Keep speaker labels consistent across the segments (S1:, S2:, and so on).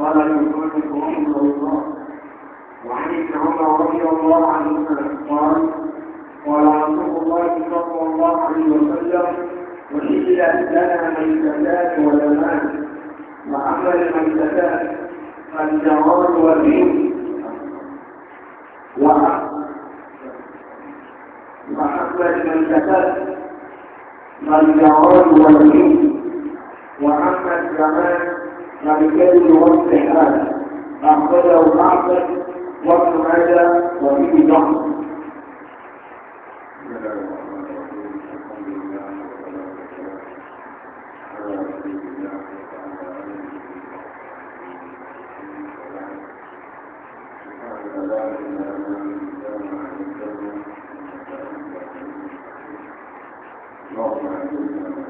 S1: قال من قولكم رحمه الله وعن ابن عمر رضي الله عنهما قال قال رسول الله صلى الله عليه وسلم وحلت لنا ميتتان ودمان وأما الميتتان فالجرار والدين وأما الميتتان فالجرار والدين وأما الزمان فبالتالي وصف حاله أخرجه معقل وابن ماجه وفيه
S2: ضغط Thank you.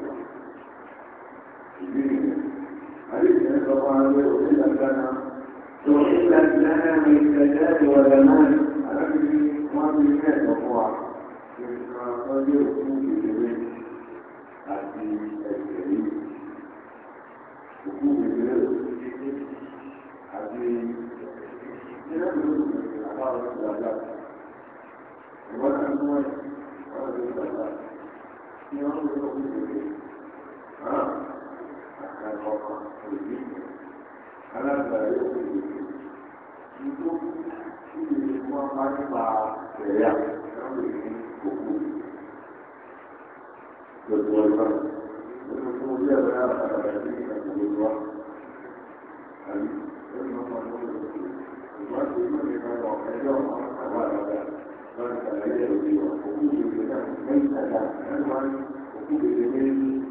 S1: حديث صلى الله عليه وسلم كان تحلت لنا من الزكاة والمال على ما في الكاس مرفوعة
S3: رجل وقوف الجبين عبد الكريم
S2: وقوف الجبين
S3: عبد الكريم 然后，我们今年，他那个有，你如果去往巴黎吧，对呀，然后你购物，就过来。我们公司那边啊，那边可以，可以做啊。嗯，我们公司这边，我们公司这边啊，开销啊，百万的，那肯定有。我估计现在没太大，但是呢，我估计也得。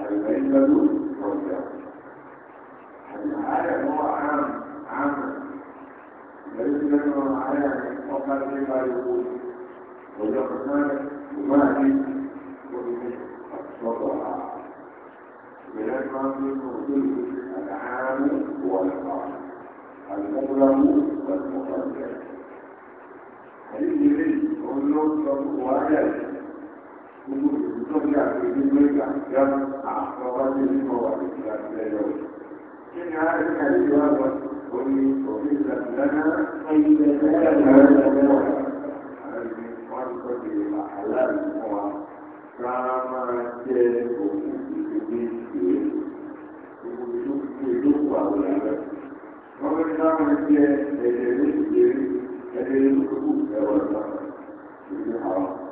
S2: المدلول والجواب
S3: الآية هو عام عام ليس منه آية وقال فيما يقول ويقصد وماهي وصدها من الماضي وكل العام والخاص المبلغ والمقدر هذه ليس كل وعيال dunia kujumlika kiasi wakati niko katika leo. Chini haya karibu hapa ulikuuliza sana faida bora watu halali kwa kama je
S2: kukudhibiti kukudhibiti kwa wewe wewe ni kama
S3: je eleweki eleweki kwa wewe ni hawa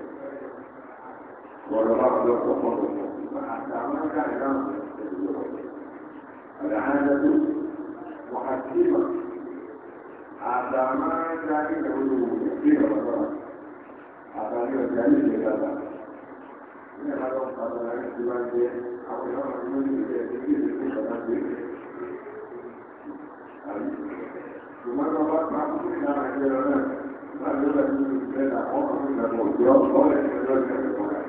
S3: ولا بعض يطلق العادة محكمة على ما كان يقولون في رمضان على
S2: ما كان يقولون إن هذا قد لا يحتمل أو يرى من يتكلم في رمضان
S3: ثم ربط مع كل ما يقولون ما يقولون من الأمر من الموضوع ولا يقولون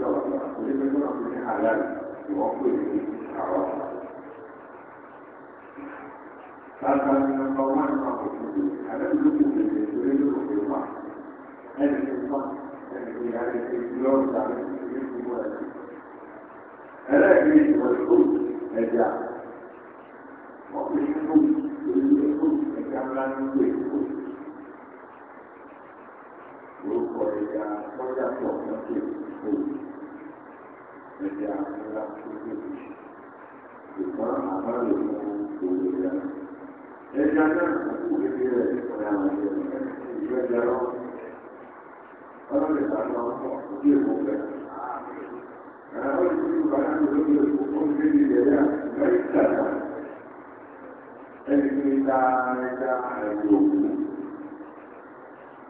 S3: lọ onígbẹ́gbẹ́ orúkọ ẹja lọ́jà tó ọ̀kan tó ìdìbò ẹja ńlá tó tóbi ṣùgbọ́n àmọ́ lè mú òwe ẹja. ẹja náà kúkú kékeré rẹ̀ nípa àwọn ẹja rẹ̀ ìjọ ẹja lọ. ọlọ́run ìgbà náà kọ̀ ojú èkó bẹ̀. àwọn olùkọ́ ìgbà náà ló lórí èkó tó ń gbé ilẹ̀ yá ìgbà ìgbà náà. ẹni tó ń ta ẹja ẹ̀jọ̀ òkú.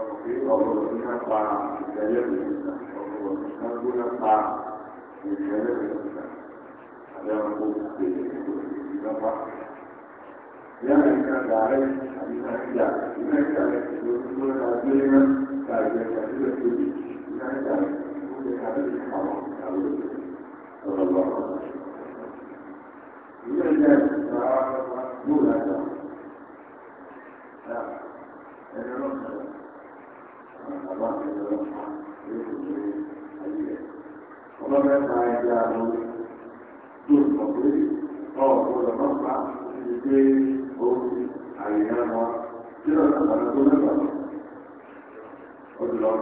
S3: ọ̀rọ̀ tí wọ́n pa ìgbẹ́lẹ̀ ìgbẹ́lẹ̀ ọ̀rọ̀ tí wọ́n gbóná pa ìgbẹ́lẹ̀ ìgbẹ́lẹ̀ àbẹ́ ọkọ̀ òkèèrè ìgbẹ́lẹ̀ yàrá ìka gàárẹ̀ àbíká ìjà ìka ìjà rẹ̀ ló ń gbé ọjọ́ iná ká ìjà ìjà sílẹ̀ tó di ìka ìjà rẹ̀ ó lè ká lè fi
S2: àwọn ìyàwó ọ̀rọ̀ lọ. ilé ìjà ìjà
S3: yóò lájà ẹni ọlọ́sọ̀rọ̀. ọlọ́mọdé máa ń yá lórí tó sọ pé ọ̀gbọ́dọ̀ náà bá ti gbé orí àyíká wọn tí ó lọ́nà bàbá tó lọ́nà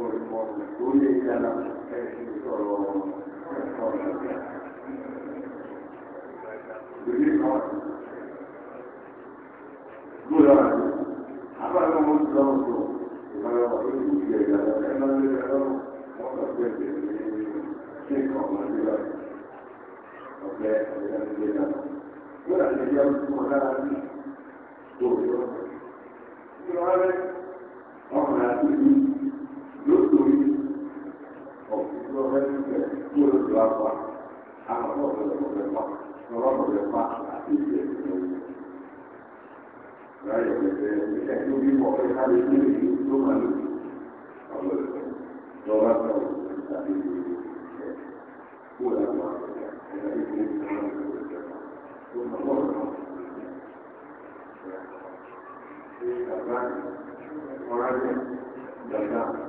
S3: corrisponde alla solo আবার আমরা profezie pure sulla qua hanno proprio le cose qua sono proprio le qua a tutti Right, perché tu mi di fare il mio di domani, allora, dovrà stare
S2: pure la tua e la differenza non è quella buona e la grande morale della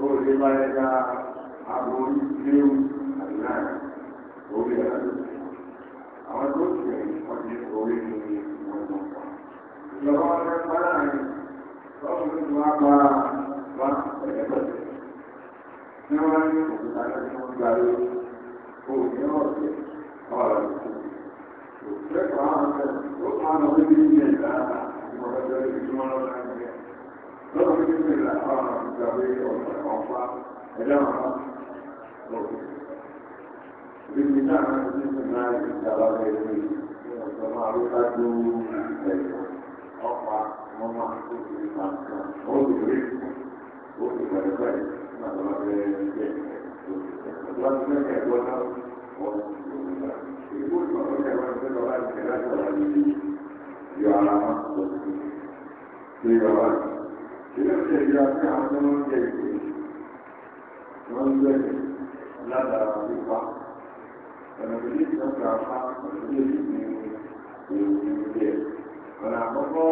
S3: tó lè bá ẹ dá àbò léwu àdúrà orí àdúrà àwọn tó tẹ̀ wọ́n ti orí ní wọn lọ pa. ìjọba wọn fẹ́ pàdà ní lọ́sùn tó wá pa wá pẹ̀lẹ́pẹ̀lẹ́. ní wọ́n ní òkúta tí wọ́n gba lé òní ọ̀sẹ̀ ọ̀rọ̀ ìkú. òṣèlú àwọn ọ̀sẹ̀ tó máa ń lọ sí ilé ìdára ìmọ̀lẹ́jọ́ ìdúró lọ́sẹ̀ lọ́wọ́ tó ti là fún àwọn ìgbàgbé ọ̀sẹ̀ ọ̀pá ẹ̀dá wọn lọ́wọ́. Ibi náà máa ń tún ní náà ìjàmbá bẹ̀rẹ̀ ní ọ̀sẹ̀ máa ló bá dó ẹ̀yọ̀ ọ̀pá wọn máa tó ti fà kan. Ó lè rí ó ti bẹ̀rẹ̀ bẹ̀rẹ̀ náà lọ́wọ́ bẹ̀rẹ̀ bẹ̀rẹ̀ lọ́wọ́ ti bẹ̀rẹ̀ ẹ̀gbọ́n náà wọ́n ti lọ́wọ́ náà. Ìgbó ìgbàgbọ́ ìjàmbá ìjọba ìjọba ìjọba
S2: ìjọba
S3: ìjọba ìjọba ìjọba ilé-ìṣẹ́ ìjọ àti àwọn tó ń jẹ ìpè wọ́n ń gbé ládàá nípa ọ̀nà ìdílé ìjọba apá ìdílé ìdílé ìròyìn ìdílé ọ̀nà àkọ́kọ́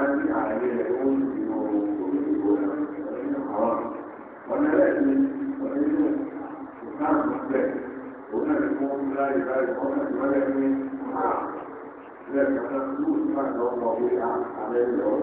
S3: àti ààyè owó ìdìbò olùdìbò àwọn ọ̀nà ẹlẹ́sìn ọ̀nà ìlú ìsáàmù ìgbẹ́ òun náà ti fún láyé láyé wọ́n náà ti wáyé ní àà ilé ìjọba tó ń bá ìjọba wọlé àlẹ́ ìlọ́ọ̀ọ́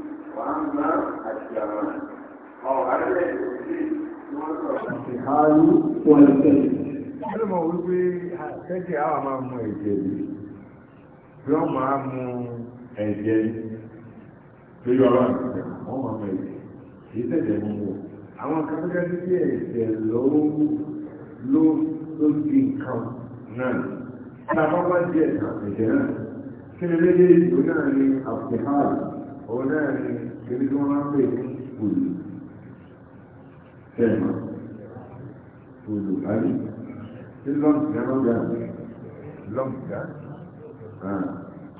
S3: wàhánà àti àwọn ọ̀hánlẹ̀ òsì tí wọ́n sọ sí àárú pọ̀lẹ̀tẹ̀. Ṣé mọ̀ wípé àtẹ́kẹ̀ àwọn máa mú ẹ̀jẹ̀ yìí? Bí wọ́n máa mú ẹ̀jẹ̀ lórí ọlọ́run ìgbẹ̀, wọ́n máa mú ẹ̀jẹ̀. Kìí tẹ̀jẹ̀ mú wò. Àwọn akẹ́kọ̀ọ́ ti fi ẹ̀jẹ̀ ló di nǹkan náà. Ṣé àbábá òun náà ni kiri tí wọ́n máa ń pè ní òòlù tẹ̀mọ́ òòlù àbí tí lọ́ọ̀tì náà máa ń gbà mí lọ́ọ̀tì gbà mí.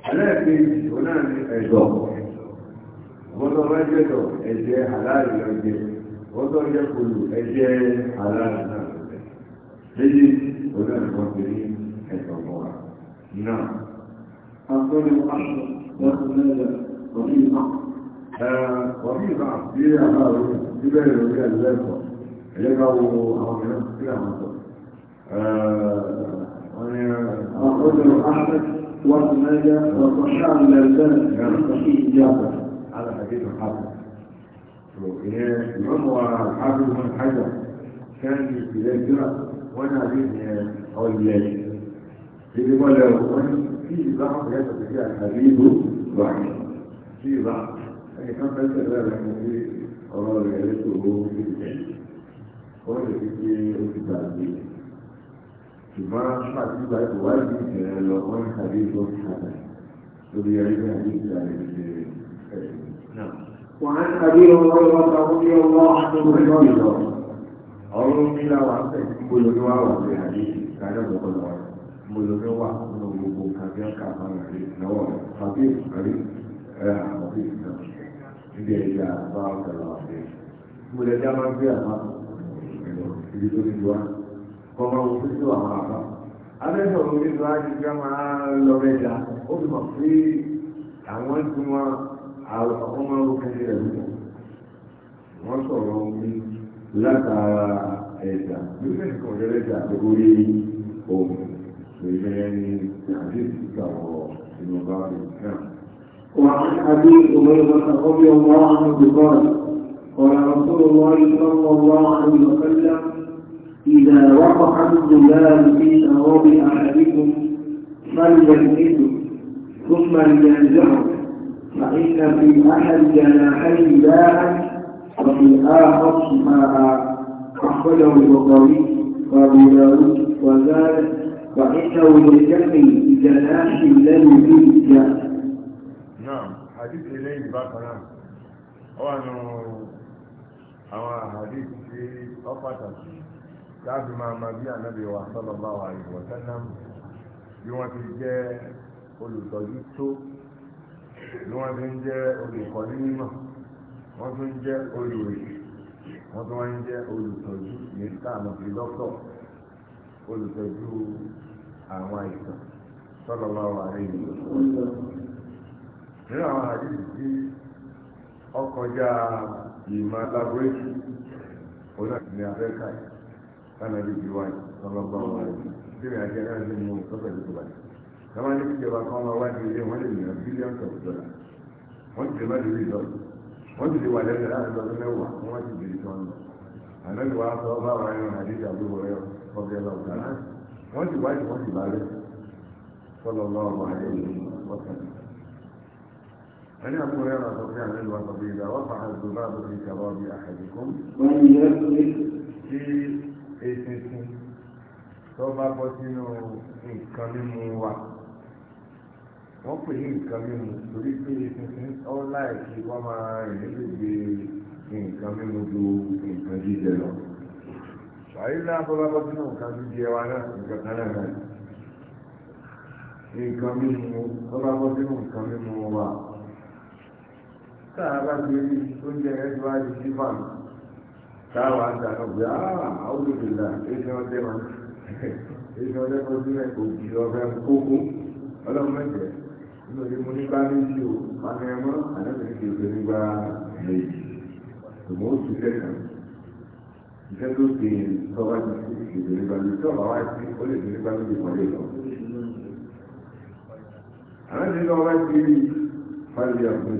S3: ẹlẹ́ẹ̀kejì òun náà ni ẹ̀dọ̀ gbọ́dọ̀ bá jẹ́ ẹ̀jẹ̀ aláàrí lọ́jẹ́ gbọ́dọ̀ jẹ́ òòlù ẹ̀jẹ̀ aláàrí náà lọ́jẹ́ òun náà ni wọ́n pè ní ẹ̀dọ̀ mọ́ra náà. àkọlù àṣọ wọn kò náà وظيفة آه، وظيفة فيها هذا يبين لك الأسوأ يجعوا أو ينسكلها رجل أحمد وسماجة وصحان للبلد يعني صحيح إجابة على حديث الحافظ العمر الحافظ من حجر كان في الهجرة وانا به اولياء اللي قال له في بعض هذا الحديث وحده sí ìbá ẹni kan fẹ́ tẹ̀lé rẹ̀ mú sí ọ̀rọ̀ rẹ̀ ètò owó sí ìjẹ́ ó lè fi pé ó ti gbà gbé ṣùgbọ́n pàtí ìgbà ètò wáyé ìjẹ́ lọ wọ́n ń kàdé ìbọn sí àgbà lórí ẹ̀rí ní àdé ìjà rẹ̀ ṣe ẹ̀sìn. وعن أبي هريرة الله عنه ọ̀rọ̀ ní láwà ń tẹ̀ kí gbólórí wà wà ní àdé ìkàlẹ̀ ọ̀gbọ̀n lọ́wọ́ gbólórí wà nínú gbogbo nǹkan bí ọ̀kà àbáyọ̀ rẹ̀ lọ́wọ́ rẹ̀ tàbí àrí ilé ẹja bá ọ̀gá ọ̀fẹ́ mo lẹ́jà máa ń gbé àmà ìdí tó ti wá kọ́mọ ohun tó ti wà máa bá abẹ́sẹ̀ ọ̀rọ̀ ní ìlú ajé ká máa lọ mẹ́ta ó fi mọ̀ pé àwọn tí wọ́n ọmọ orúkẹ́ sí ẹ̀rú wọ́n sọ̀rọ̀ omi látara ẹ̀dà lóṣẹ̀ nìkan jẹ́ lẹ́jà lórí ohun ìgbẹ́ni àdéhùn ìgbà wọ̀
S1: وعن ابي هريره رضي الله عنه قال قال رسول الله صلى الله عليه وسلم اذا وقع الظلال في اعراض احدكم فليلمسه ثم لينزعه فان في احد جناحيه داعا وفي اخر شفاء اخرجه البخاري وابو داود وزاد فانه للجنب جناح الذي فيه جاء
S3: àdìsí eléyìí bákan náà ó wà nù àwọn àdìsí tí ó pàtàkì láti máa ma bí ànábì wa sallallahu alaihi wa sallam bí wọ́n ti jẹ́ olùtọ́jú tó bí wọ́n ti ń jẹ́ olùkọ́ nímọ̀ wọ́n nje ń jẹ́ olùrè wọ́n tún wá ń jẹ́ olùtọ́jú ní dọ́kítọ̀ olùtọ́jú àwọn àìsàn wa nínú àwọn àdìsí tí ọkọjá ìmọ̀ laborétì onáàtìní afẹ́ká kánàbí ìwáyé lọ́lọ́gbà wáyé síbi àti ẹ̀rọ mú lọ́pẹ̀ lóko báyìí lọ́wọ́ ní ìjọba kan máa wá ilé wọn lè mìíràn bílíọ̀nù tọ̀pù dọ́là wọ́n ti lè má wọ́n ti lè wà lẹ́nu láti lọ́dún mẹ́wàá wọ́n ti lọ wọ́n ti wáyé wọ́n ti bá عن أبو هريرة رضي الله عنه إذا وقع الذباب في كباب أحدكم في إيسيسي tó bá bọ́ sínú nǹkan mímu wa wọ́n pè ní nǹkan mímu torí pé tuntun ọ́ láìsí wọ́n máa rìn nígbègbè nǹkan mímu ju nǹkan jíjẹ lọ. Ṣàyí náà tó bọ́ sínú nǹkan jíjẹ wa náà nǹkan kan náà náà. Nǹkan mímu tó bọ́ sínú nǹkan mímu wa táà bá ti rí oúnjẹ rẹ̀ tí wá di sí fàmì táwa ń dàgbà pé àwọn olùdílà èsì ọdẹ wọn èsì ọdẹ kan sí ẹ kò jù ọbẹ kókó ọlọ́run mẹ́jẹ nínú ilé mo ní bá méjì o àmì ẹmọ àdébìnrin kì í ṣe nígbà méjì ṣùgbọ́n ó ti kẹ́kọ̀ọ́ iṣẹ́ tó ti tọ́wá ti sí ìṣèlú nígbà méjì tó bá wá sí ó lè ṣe nígbà méjì kan lè lọ. àwọn ìṣèlú ọba ti rí fáìlì ọ̀gbìn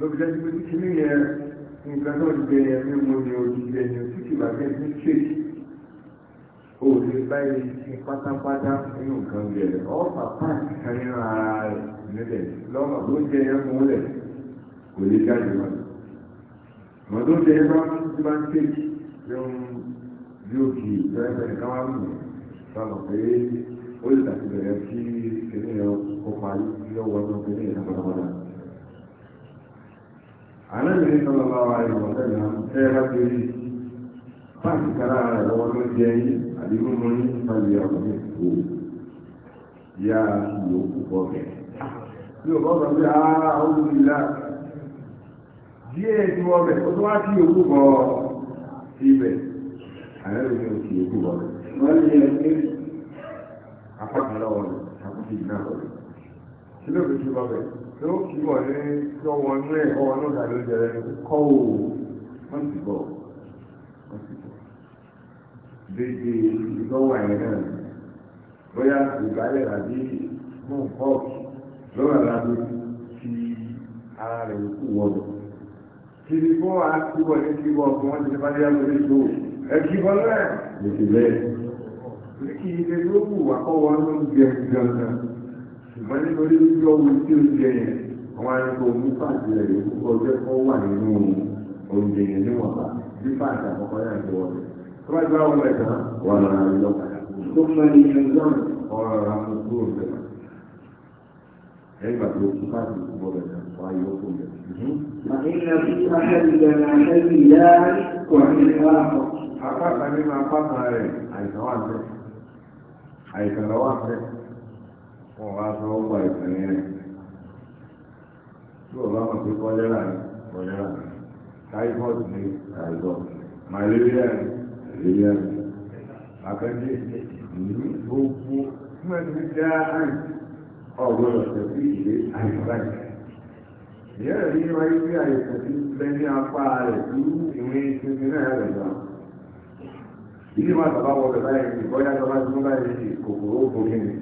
S3: lóbi dájú pé títí ní yẹn nǹkan náà gbé yẹn o mo ní odidi ẹni títí bàbá ẹni kéèkì ó lè báyìí ṣe pátápátá nínú nǹkan jẹ ọ̀pá páàkì kan nínú ara rẹ̀ nílẹ̀ lọ́mọ tó ń jẹ yẹn múlẹ̀ kò lè jáde wọn. ọmọ tó ń jẹ yẹn bá ń kéèkì lóhun bí ó kì í lọ́yẹ̀fẹ́ nìkan wá mú un sọ̀rọ̀ pé ó lè tàbí bẹ̀rẹ̀ sí ẹni ẹ̀rọ kó parí lọ́wọ́ ọdún kẹ́lẹ́ ìtàkùn ọ̀dọ́ àlẹ́bìnrin sọ́lọ́ bá wa ìwọ̀ sẹ́yìn tẹ́ bá ti rí páàkì kára rẹ̀ lọ́wọ́ ló jẹ yín àbí mímú yín pàlẹ́ ọ̀gbìn kò yá ìyókù bọ́ bẹ̀. bí o bọ́ sọ pé ara ó wù lá díẹ̀ tí wọ́n bẹ̀ ó tún wá sí ìyókù bọ́ síbẹ̀ àlẹ́bìnrin ò sí ìyókù bọ́ bẹ̀. wọ́n lè ní apá kan lọ́wọ́ rẹ̀ àkókò ìgbà rẹ̀ kí ló yóò kí wọ̀ ní lọ́wọ́ inú ẹ̀ ọwọ́ náà dàbí oúnjẹ rẹ̀ kọ́ ò wọ́n sì bọ̀ wọ́n sì bọ̀ dédé ìlọ́wọ́ àyẹ̀ náà bóyá ìgbálẹ̀ àbí mọ̀n pọ́ọ̀kì lọ́wọ́ àlábí ti ara rẹ̀ kú wọ́dọ̀ kiri fún wa kí wọ́n ní kí wọ́n fún wọn ti bá dé àgbẹ̀rẹ̀ tó ẹ kí wọ́n náà lè ṣe bẹ́ẹ̀ kí ilé yóò wù wá kọ́ wọn ló ń jẹ ìjọba wọ́n ní torí wípé ọwọ́ tí ó jẹ yẹn àwọn arìnkò mú rẹ̀ yóò kúkọ jẹ́ kọ́ wà nínú oúnjẹ yẹn níwọ̀nba bí àkọ́kọ́ yà jọ wọlé tó bá jọ àwọn ẹ̀ka wà lọ́nà àríyọ tó mọ ní ọ̀rọ̀ bẹ̀rẹ̀ ẹgbà tó kú bẹ̀rẹ̀ bẹ̀rẹ̀. ọ̀rọ̀ aṣọ ọgbà ìpínlẹ̀ rẹ̀ tí ọ̀rọ̀ àmọ̀ pé kọ́lẹ́rà ní kọ́lẹ́rà ní typhoid ní àìsàn malaria ní malaria gbogbo ọ̀gbọ́n sí ìwé àìsàn ìyá rẹ̀ wáyé àìsàn ní apá rẹ̀ tí ìwé ìsinmi náà rẹ̀ gbà ìdí máa wọ báyìí báyìí kòkòrò òkòkè ni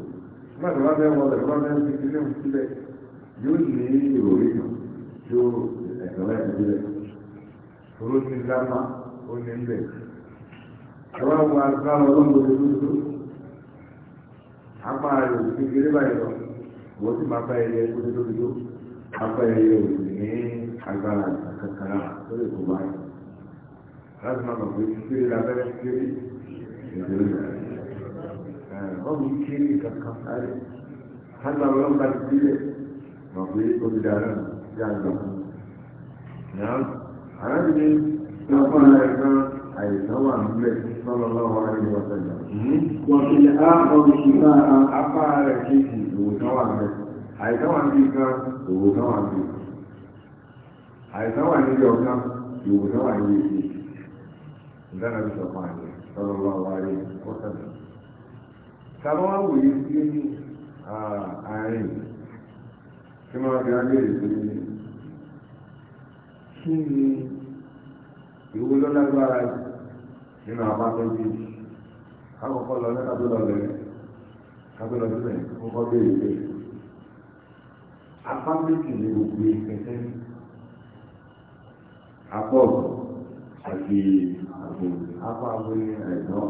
S3: láti wá bẹ́ẹ̀ wọlé wá bẹ́ẹ̀ fi kílé ń sílẹ̀ yóò ní ìròrí kan tó ẹ̀sọ́ láti sílẹ̀ tóró ní lámà ó ní ń bẹ̀. ẹ̀wá wo agbára ọlọ́mọdé lóṣù apá rẹ̀ ò fi kéré báyìí lọ wọ́n sì máa bá ẹyẹ kó tó tóbi tó apá ẹyẹ ò sì ní agbára kankan tó lè kó báyìí láti máa mọ̀ pé kéré lábẹ́rẹ́ kéré ìdílé rẹ̀ ọmọ ìkéré kankan sáré hánà ọlọ́run bá ti sílẹ̀ mọ̀ pé olùdarí yà ń lọ. arábìnrin tí wọ́n fún ara àìsàn wà nílẹ̀ sallallahu alaihi wa sallam. wọ́n fi á ọdún ṣùgbà apá rẹ̀ kéjì òwòsàn wà nílẹ̀ àìsàn wà níbi kan òwòsàn wà níbi àìsàn wà níbi ọ̀kan ìwòsàn wà níbi ìdí. ìdáná ti sọ fún àyè sallallahu alaihi wa tàbí wọ́n wòye sí àárín tí wọ́n fi rájẹ́ ìpínlẹ̀ kí ni ìwé lọ́lágbára nínú àpapọ̀ bí akọ̀kọ́ lọ ní kábílọ̀ lẹ́yìn kábílọ̀ sílẹ̀ kọ́kọ́ bí èyí apá méjì ní gbogbo ìpẹ́tẹ́ apọ̀ àti àpò apá abúlé àìsàn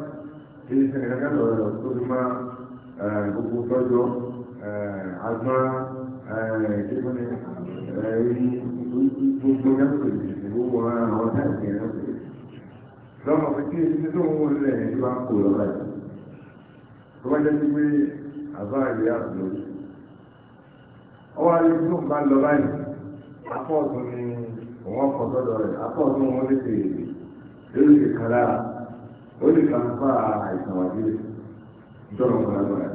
S3: ilé iṣẹ́ kankan lọ́rọ̀ tó fi máa gbogbo tọ́jọ́ agbọ́n kíkọ́ni ẹ̀rí gbogbo yàtọ̀ gbogbo àwọn Na ń bá lọ báyìí apọ̀ ọ̀tún ni sọ́dọ̀ rẹ̀ apọ̀ ọ̀tún wọn lè fèrè lórí ó lè kàńpá àìsàn wà nílé ìjọba ọ̀gbọ̀nàgbọ̀nà.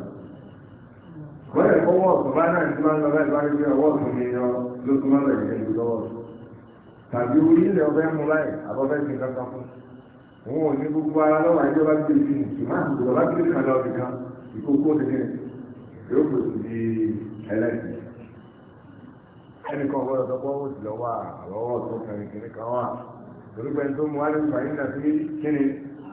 S3: wọ́n lè fọwọ́ ọ̀sán bá náà ti máa ń lọ láti bá gbé ọwọ́ ọ̀sán mi yan ló tún máa ń lọ ìjẹ́ ìlú lọ́wọ́ tàbí orí ilẹ̀ ọbẹ̀ mú láì àbọ̀bẹ̀ ti kankan fún. wọn ò ní gbogbo ara lọ́wọ́ àìjọ bá gbé sí nìkì máa ń gbọ́dọ̀ bá gbé kan lọ sí kan ìkókó ti ní yóò kò sí di ẹlẹ́sìn. ẹnìkan gbọ́dọ̀ tó kẹrin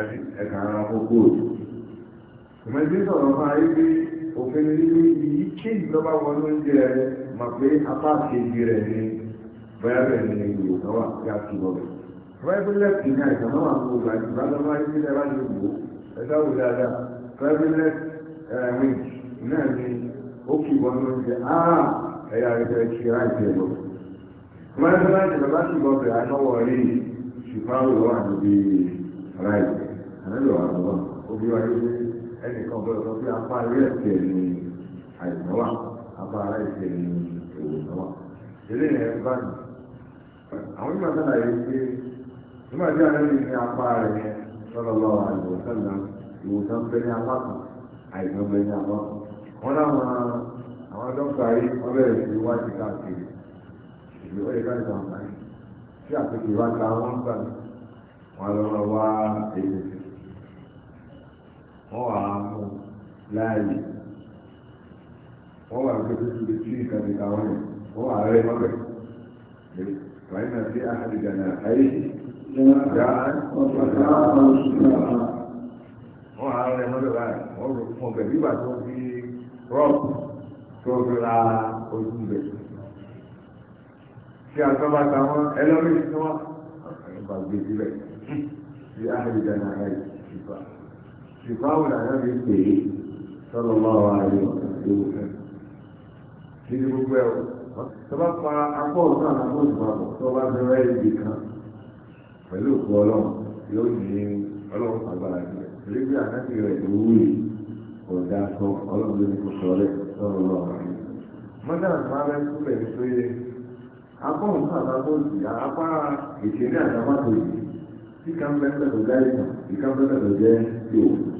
S3: ẹ̀rí ẹ̀ka ara gbogbo òjò ìmọ̀jú sọ̀rọ̀ fún ayé pé òfin ní èyí kéjì lọ́ba wọn ló ń jẹ rẹ mà pé apá kejì rẹ ni bóyá rẹ ni ìwò náà wà kí a ti lọ bẹ̀. fúráìpínlẹ̀ kì ní àìsàn náà wà ń gbogbo àti ìbátan máa ń gbé lára ní ìwò ẹ̀dá wò dáadáa fúráìpínlẹ̀ ẹ̀rín náà ni rí ṣùgbọ́n àwòrán àti ráìtì àmẹ́lò àgbọ̀n obi wáyé pé ẹnìkan bẹ̀rẹ̀ sọ pé apá eré ẹ̀kẹ́ ni àìsàn wà apá ara ẹ̀kẹ́ ni òòsàn wà eré yẹn bá ní. àwọn ìgbà sára yẹn pé nígbà tí àwọn ẹni ní apá rẹ̀ yẹn lọ́lọ́lọ́ àìwòsàn náà ìwòsàn bẹ ní apá kan àìsàn bẹ ní apá kan. wọ́n láwọn àwọn dókítà yìí wọ́n bẹ̀rẹ̀ sí wájú káàkiri ìlú ẹ̀ka ìtàn wọ́n gbà wá èyí wọ́n wà á mú láàyè wọ́n wà gbé tó ti tí nǹkan ti ta wọ́n na wọ́n wà rẹ́ ọ na náà sí ọ náà ayé wọ́n wà rẹ́ mọ́bẹ̀ báyìí wọ́n rò fún ọbẹ̀ nígbà tó fi rọ́ọ̀pù tó ihe ṣùgbọ́n àwọn àyàbí pè é sọ́lọ́ máa wà ní ọ̀sán tó wù fẹ́. kí ni gbogbo ẹ̀ tó bá pa apọ̀ náà lápò ìpapọ̀ tó bá fi rẹ́ ibi kan pẹ̀lú òkú ọlọ́run yóò ní ọlọ́run agbára rẹ̀ torí pé àkáǹtì rẹ̀ ló wù yìí kò dáa sọ ọlọ́run ló ní
S2: kó sọ rẹ̀ sọ́lọ́ máa wà ní.
S3: mọ́tà máa rẹ́ sílẹ̀ nítorí apọ̀ náà lápò ìyá apá ìṣẹ̀lẹ̀ àtàwọn àtòyè tí kan bẹ́ẹ̀ tó jẹ́ ìkan bẹ́ẹ̀ tó jẹ́ ìwòsàn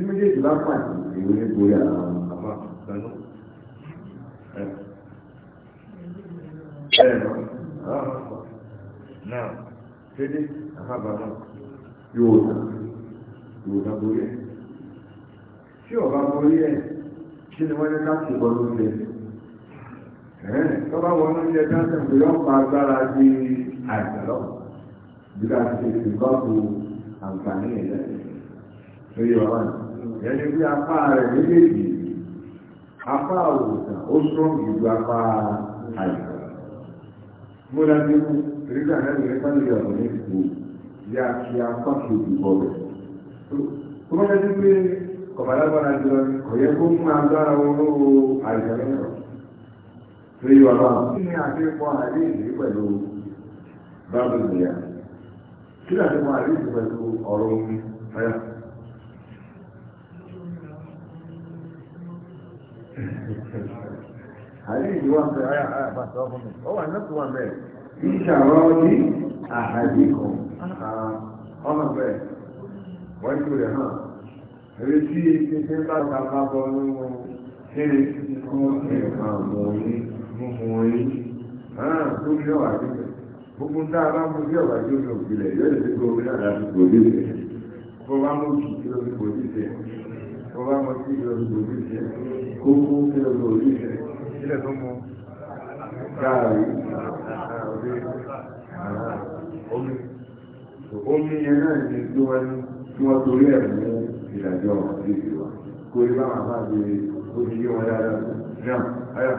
S3: tí méjèèjì bá pàdé èwe ní borí àwọn àmà ìgbàanú. bẹ́ẹ̀ lọ náà kéde àhábà yóò dá yóò dá borí tí ọba borí kí ni wọ́n ní ká kó wọnú ilé tọ́ba wọnú ilé dáńtẹ̀ pé wọ́n pa agbára di àìsàn bí a ti ṣe ìgbàgbọ́ àǹfààní ẹ̀ lẹ́yìn. 所以，我问。ẹni bí apá rẹ̀ méjèèjì apá òòsàn ó strong ju apá àìsàn mo dájú rígbà ẹgbẹ́ ọ̀rọ̀ ní ìfò kí apá bẹ̀. tó bá pé jọ kò yẹ kó agbára àìsàn tó yí wa kí ni àdéhùn àdéhùn pẹ̀lú bábùlù kí ni àdéhùn àdéhùn pẹ̀lú ọ̀rọ̀ omi àyè ìlú wa pé ayà ayà bá sọ fún mi ọ wà nọ́ọ̀sì wa mẹ́ẹ̀. ìṣàrọ̀ ní àhàjì kan ọmọ bẹ́ẹ̀ wọ́n ti rẹ̀ hàn èrè tí ẹgbẹ́ bá ta bá bọ́ nínú kéré tí kọ́ ẹ̀ka mọ̀ ní mímú yín tó ní ọ̀wà níbẹ̀ gbogbo tá a bá mú sí ọ̀wà tí ó ní òbí rẹ̀ yóò lè fi gbogbo náà láti gbòdì rẹ̀ bó bá mú kì í ló fi gbòdì rẹ̀ bó bá mọ sí ìlú ìlú ìṣẹ́ kó kú kí lọ lọ orí ìṣẹ́ sílẹ̀ tó mọ gáàrí orí omi omi yẹn náà ní tó wá ní tí wọ́n torí ẹ̀ mú ìdájọ́ àti ìwà kó rí bá máa bá di omi yé wọn dáadáa náà ayà.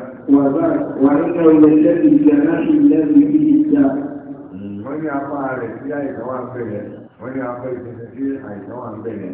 S3: وَأَنَّهُ الَّذِي جَنَاحِ الَّذِي فِي السَّاعِ wọ́n ní apá rẹ̀ sí àìsàn wà ń bẹ̀rẹ̀ wọ́n ní apá ìṣẹ̀ṣẹ̀ sí àìsàn wà ń bẹ̀rẹ̀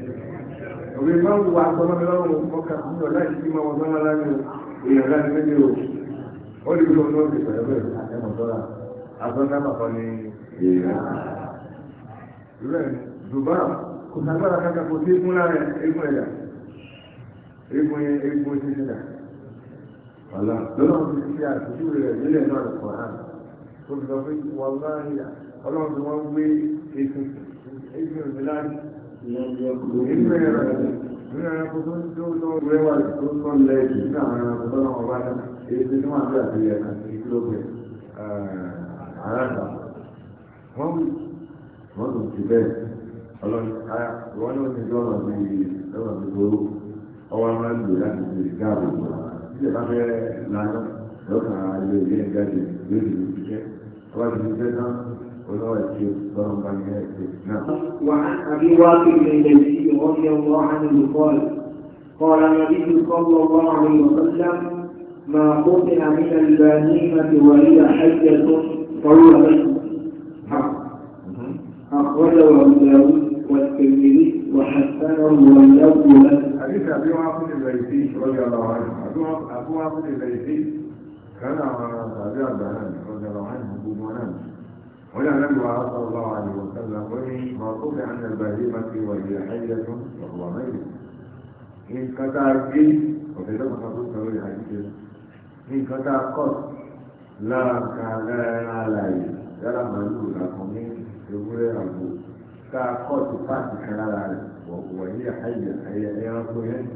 S3: òbí máa ń wo agbọ́nmọ́bí lọ́wọ́ mọ́kà ní ọ̀la ìdí máa wọ́n sọ́nà láàrin èèyàn láti méjì n'oge ó lè gbọ́ náà bẹ̀rẹ̀ bẹ̀rẹ̀ àtẹ̀mọ̀tọ́ra agbọ́nmọ́ ní èèyàn. ọlọ́run tí wọ́n gbé nínú ẹranko tó ń tó tó wẹ́wà tó ń tọ́ lẹ kí ní àwọn ẹranko tó náà wọ́n bá èyí tó níwọ̀n àti àti ẹ̀ka sí kílógẹ̀ àràkà wọ́n wọ́n tó ti bẹ́ẹ̀ ọlọ́run wọ́n ló ní lọ́rọ̀ mi lọ́rọ̀ mi lóró ọwọ́ máa ń lò láti fi dáàbò bò sílẹ̀ bá fẹ́ lánàá lọ́kàn ayé ilé ìjáde lórí ìṣiṣẹ́
S1: وعن ابي واقف النبي رضي الله عنه قال قال النبي صلى الله عليه وسلم ما قطع من البهيمه وهي حيه طويله حي
S3: نعم.
S1: اخرجه ابو داود والترمذي وحسنه واللفظ له
S3: حديث ابي واقف البيتي رضي الله عنه ابو واقف البيتي كان على تابع البهائم رضي الله عنه ابو منام هنا لما صلى الله عليه وسلم معروف عن البهيمة وهي حية وهو ميت إن قطع الجن وفي ذلك خطوط تقول حديث إن قطع قط لا كان عليه يرى ملول لكم يقول أبو كاقط فاتح كان عليه وهي حية هي يرى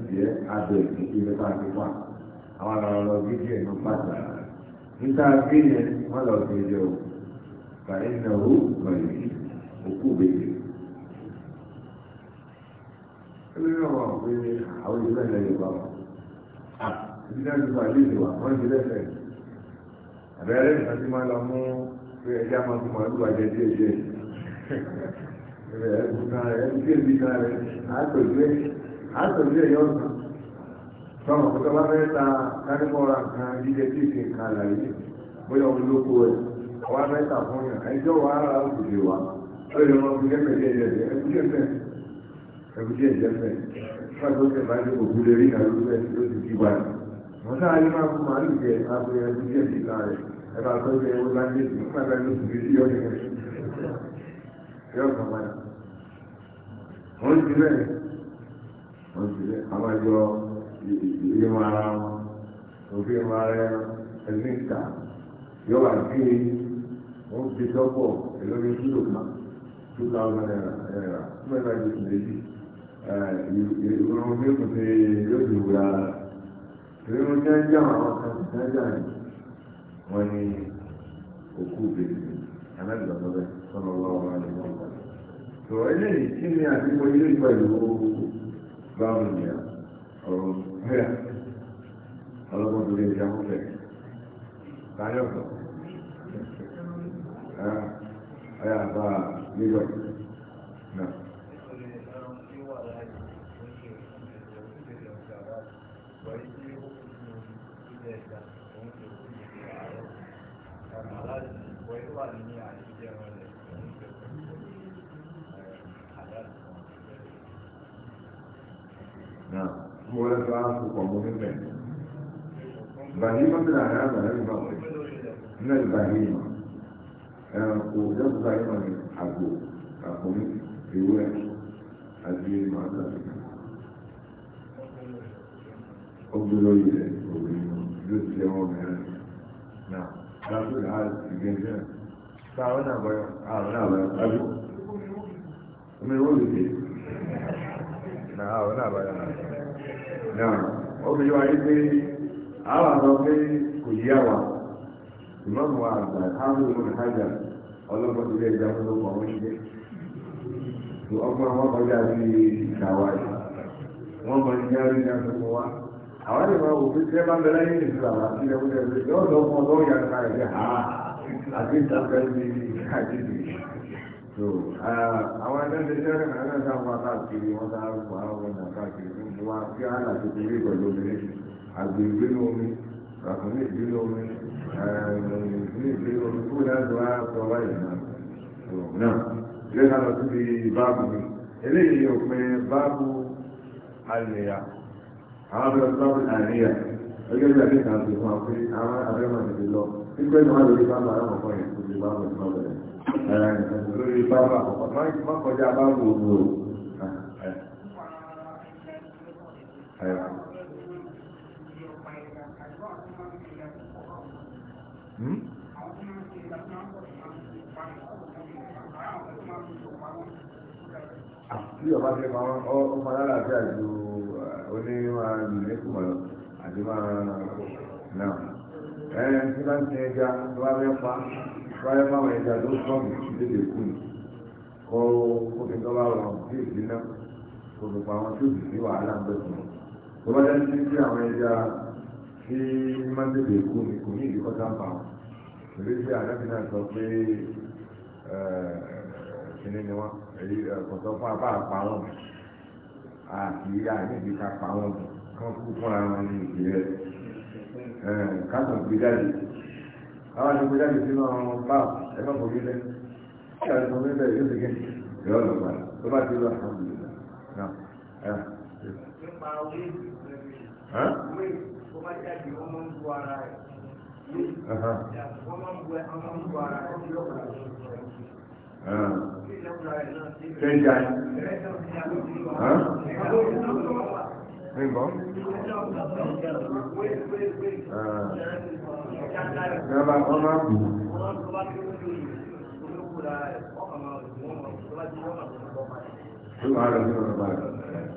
S3: هي عبد إذا فاتح فاتح أو على لو جيت ينفاتح إن قطع ما لو جيت fàínàwó gbàgbé òkú bèbè. Ẹgbẹ́ náà wà pé àwọn ìlú ẹ̀lẹ́ Yorùbá wà. Ibi náà ti pàdé ìwà wọ́n ti lẹ́sẹ̀. Àbẹ̀rẹ̀ nǹkan ti máa lọ mú pé ẹja máa fún màálù àjẹ díẹ̀ díẹ̀. Ẹ̀rẹ̀ ẹ̀kún náà rẹ̀ ẹ̀kún díẹ̀ díẹ̀ náà rẹ̀ àtòjú ẹ̀ àtòjú ẹ̀ yọ̀ sàn wá mẹ́ta fún yàn ẹjọ́ wà á rà wa ó lè fi lẹ́pẹ̀ díẹ̀ díẹ̀ díẹ̀ ẹkú díẹ̀ fẹ́ bá ní òkú rí ìyàwó rẹ̀ ló ti di wọ́n sáà ní máa fún màálù jẹ àbò ẹkú díẹ̀ díẹ̀ láàrẹ̀ ẹ bá tọ́ ju ẹwọ́ láńdé nígbà tá ló sì fi yọ yọ kàn wáyà yọ wà sí ó gbé dọ́pọ̀ ìlórí kílò kan two thousand naira naira two hundred and fifty méjì ìrọ̀rùn bí kò ṣe yóò ti wù ara rẹ̀ ìrọ̀rùn jẹ́ ń jẹun àwọn kan ti jẹ́ jẹun wọ́n ní òkú bèrè alágbàdo rẹ̀ sọ̀rọ̀ lọ́wọ́ àdìmọ́ ọ̀gá. tó eléyìí kí ni àdìmọ́ ilé ìgbà ìlú báwo ni ọ̀rọ̀ ọ̀rọ̀ ọlọ́mọdé lè jáwọ́ bẹ̀rẹ̀ láyọ̀ kan. aya ba lagos na نعم هو لا تعرف قوانين بهيمة الأنعام غير مغرب من البهيمة ẹranko ìjọba ah, ìmọ̀ ní àgbò àkùnmí ewúrẹ́ àti màálù ọgbẹ́rọ ló ti náà ọlọ́pàá tó lé ẹja fún ọmọ ọmọ ṣe tó ọgbọ́n wọn kọjá sí ìkàwá yìí wọ́n mọ ní gárí ní àtúntò wa àwọn àti ìmọ̀ òfin tí ẹ bá bẹ láyé ní ìtura àti ìyàwó ẹ̀ pé yóò lọ fún ọlọ́run yàtọ̀ náà ẹ̀jẹ̀ ha àti ìtàkùn ẹ̀mí àjèjì so àwọn ẹ̀dẹ́gbẹ̀sẹ̀ rẹ̀ náà náà sáwọn akáàkiri wọn sáà ń fọ àwọn ọmọ akáàkiri fún wa kí á nà tó kéré pẹ̀lú omi ní olùkú láti wá sọ wáyé náà náà ilé ká lọ síbi báàbù mi eléyìí òpin báàbù àlèyà àwọn abẹ́rẹ́ báàbù àríyà ẹgbẹ́ bí àti kan ti fún wa lọ nígbà tí wọ́n lórí báàbù àwọn ọ̀pọ̀ yẹn kò
S2: sí Uh, tí
S3: ọba ti pa àwọn tó sì sí wàhálà ń tó bá sí sí àwọn ẹja. tí mọ́tẹ́lẹ̀ kú ni kò ní ìdíkọ́ sáńpà wọn ìrí sí àdáfi náà sọ pé kìnní ni wọn èyí kò fún apá àpá wọn àti àìníbi ká pa wọn kán kú fúnra wọn ní ìdílé kásán gbé jáde àwọn àti gbé jáde sínú ọmọ báàbù ẹgbẹ́ kò gbé lẹ́yìn kí àwọn ọmọ bẹ́ẹ̀ yóò ti gé ìrọ̀ lọ padà tó bá ti lọ àwọn ọmọ ìlú náà bá jáde wọ́n máa ń bu ara rẹ̀ wọ́n máa ń bu ara wọ́n bu ara rẹ̀ wọ́n lọ́kùnrin rẹ̀
S1: Ìjọba wọn máa kù. Ìjọba wọn máa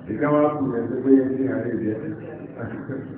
S3: kù. Ìjọba wọn máa kù.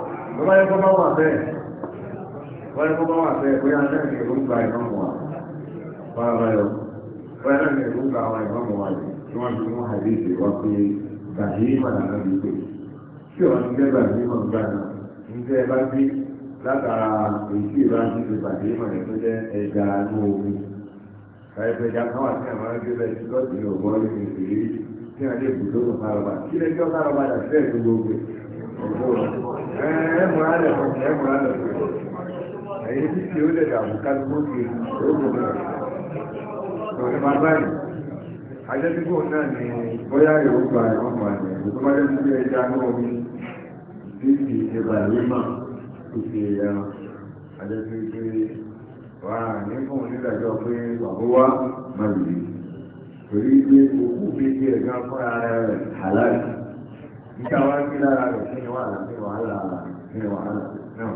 S3: bàbá yẹ bẹ́ẹ̀ bàbá yẹ bẹ́ẹ̀ bóyá ní ìlú gba ìmọ̀ mọ́ wa bàbá ní ìlú gba àwọn ìmọ̀ mọ́ wa yìí tí wọ́n fi mú àdéhìí wá pé gàdéhìmà náà bí pé tí wọ́n ti dẹ́gbà gàdéhìmà gbà náà ń tẹ́ ní omi ẹ̀fẹ̀ ìjà kan bẹ́ẹ̀ tí ní ògbọ́n ní ìrírí ẹ̀ẹ́mù alẹ̀ fún ó lè dàbù kálukú kí gbogbo rẹ̀ ọ̀rẹ́ máa báyìí ajẹ́sígbò náà ni bóyá yóò gba ẹ̀wọ̀n máa ní ẹ̀yẹ tó bá jẹ́ sí ẹja náà ní bíbí ìjẹba ìwé máa tó fi ẹran ajẹ́sígbò wà ní fún onídàájọ́ pé bàbá wa máa lè torí pé òkú bí ẹ̀gán fúnra rẹ̀ hàlálì nígbà wá lára rẹ̀ kí ni wàhálà kí ni wàhálà kí ni wàhálà náà.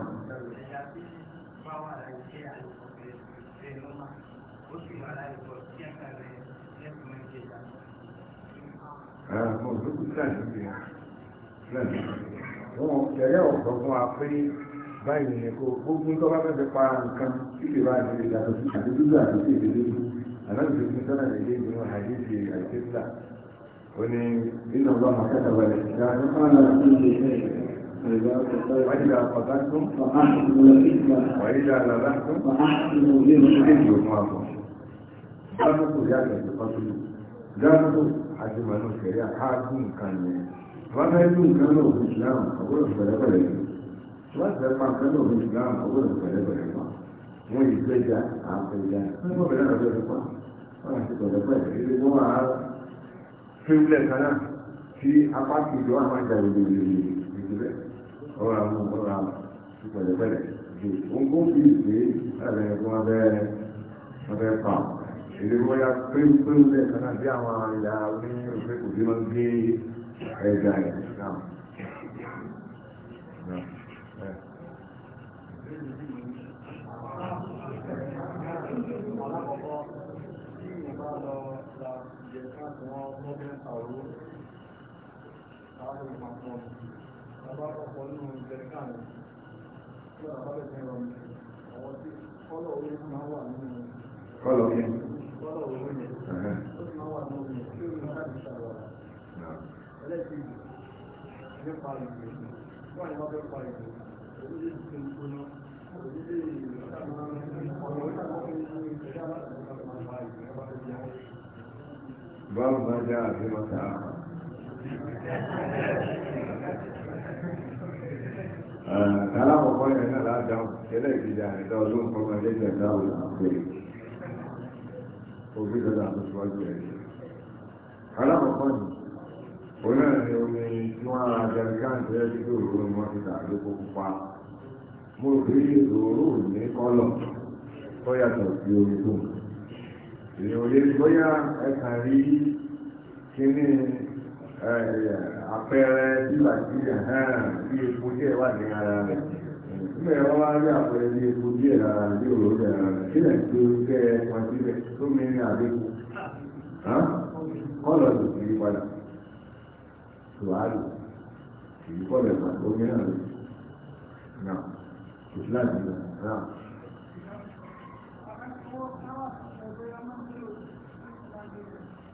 S3: Wọ́n tẹ̀lé ọ̀sọ̀ fún wa pé báyìí ni kó gbogbo tó bá fẹ́ pa nǹkan tí kì bá ti lè yàtọ̀ sí àdúgbò àti ìdílé. Àlọ́ ìdílé tó náà lè dé ìgbìmọ̀ àdéhùn àìsèkúlà. وني إن الله كتب الإحسان قال كل شيء وإذا قتلتم فأحسنوا الإسلام وإذا ذبحتم فأحسنوا الإسلام Gbáfẹ́kù yàtọ̀ sí pàtàkì. Gbáfẹ́kù àti mànú kẹrẹ àkáàkùn nǹkan ni. Wọ́n fẹ́ ní nǹkan náà òfin ìsìláàmù àgbọ̀dọ̀ pẹ̀lẹ́pẹ̀lẹ́ yìí. Wọ́n fẹ́ pa nǹkan náà òfin ìsìláàmù àgbọ̀dọ̀ pẹ̀lẹ́pẹ̀lẹ́ yìí. Wọ́n yìí gbẹ́jà àpẹjà. Wọ́n fẹ́ bẹ̀rẹ̀ àjọ ìpa. Wọ́n àti pẹ̀lẹ́pẹ̀lẹ́ yìí wọ́n á fíwúlẹ̀ kanáà tí apá kìjọ àwọn àjà òde ìdílé ọ̀rọ̀ àwọn ọ̀rọ̀ àwọn pẹ̀lẹ́pẹ̀lẹ́ ju oúnkó fi ìgbé ẹ̀rẹ̀ ẹ̀kún abẹ́ pa èdè wọ́n ya fíwúlẹ̀ kanáà bí àwọn àjà oní òfin kò sí máa ń gbé ẹ̀dà ẹ̀
S1: lọ́dún àwọ̀ láàrín ìpapọ̀ bàbá ọ̀pọ̀ nínú ìjẹ̀ká rẹ̀ tí wọ́n bá bẹ̀rẹ̀ rọ̀ ní
S3: ọwọ́ tí kọ́lọ̀ orí máa wà nínú kọ́lọ̀ orí kọ́lọ̀ orí yẹn ó sì máa wà nínú yẹn tí ó ní باب ما جاء فيما تأخر كلام قوي هنا لا دم إليك يعني دولون فما ليس دولة أخير وفي ذلك مش واجه كلام قوي هنا يومي جمعة جركان سيجد الظلم وفي تعليق كفار mo rí ìròrò ní kọ́lọ̀ tó yàtọ̀ sí orí tó ń bọ̀. èyàn ò lè rí bóyá ẹ̀ka rí kíní àpẹẹrẹ bíbà sí bí epo díẹ̀ wà ní ara rẹ̀ nígbà wá rí àpẹẹrẹ bí epo díẹ̀ lára bí rẹ̀ sílẹ̀ tó kẹ́ ẹ kan síbẹ̀ tó mi ní àdéhùn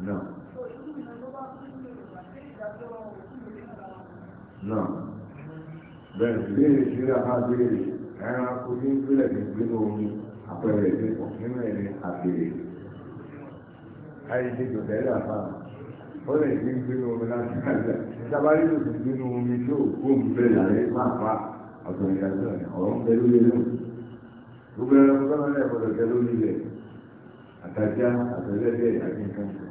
S2: náà náà
S3: bẹ́ẹ̀ léèrè sí àbá béèrè ẹranko ní ìpínlẹ̀ ní ìpínlẹ̀ omi àpẹẹrẹ ìdẹ́kọ̀ nínú ẹ̀rẹ́ àbèrè ayédè gbẹ̀dẹ̀ àbá ó lè ní ìpínlẹ̀ omi láti ṣàlẹ̀ ìjábárí ló ti gbínú omi tí ó kó ń bẹ̀ láyé pàápàá ọ̀tọ̀ ìdájọ́ ọ̀rọ̀ ń bẹ lórí ẹlẹ́wọ̀n gbogbo ẹranko tó náà lẹ́ẹ̀kọ́ àtàjá àtẹ̀lẹ́dẹ̀ àti nǹkan kan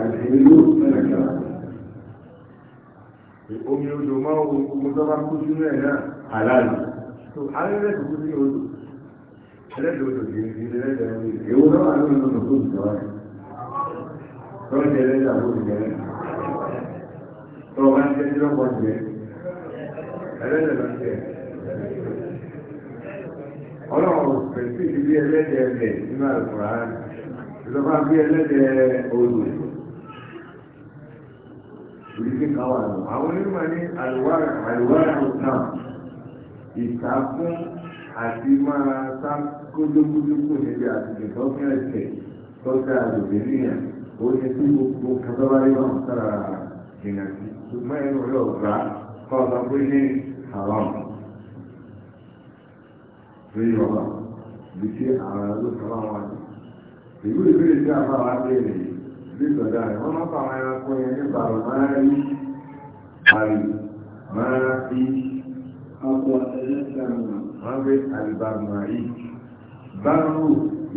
S3: àìsèlú nàìjà omi odò máa wo gbogbo tó bá kú sínú ẹ̀ náà aláàlú tó alẹ́lẹ́ tó kú sí odò ẹlẹ́dọ̀ odò kì í di ẹlẹ́dọ̀ ẹ̀rọ ìlú ewu náà wà lórí odò tó dùn wáyé tọ́lá jẹ ẹlẹ́dọ̀ àbó ti jẹ tọ́lá bá ń jẹ́ ní lọ́pọ̀ jẹ ẹlẹ́dọ̀ lọ jẹ ọlọ́run pẹ̀lú ìdílé ẹlẹ́dẹ̀ ẹ̀lẹ̀ nínú àlùkò rárá ìjọba bí ẹlẹ́dẹ̀ odò ìrísí kan wà lọ àwọn onímọ̀ ní àlùwárà náà ìtàkùn àti máa sá kójókójókó níbi àtìkè tó fẹ́ ẹ̀sẹ̀ tó dá lòdì níyàn ó ní tí gbogbo kàtàbárí náà sára ìrìnà sí ṣùgbọ́n ẹnu rẹ̀ ọ̀gá kọ́ ọ̀gá pé ní àwọn lórí ọba bí sí àwọn ọlọ́sọ̀rọ̀ wọn. èyí ìbéèrè tí a máa wá bẹ́ẹ̀ nìyí bí ìgbàdá rẹ̀ wọ́n máa fàwọn ẹranko yẹn nípa máa rí àrí máa rí ọkọ̀ ẹlẹ́sẹ̀rùn máa rí àríbàmà rí bárò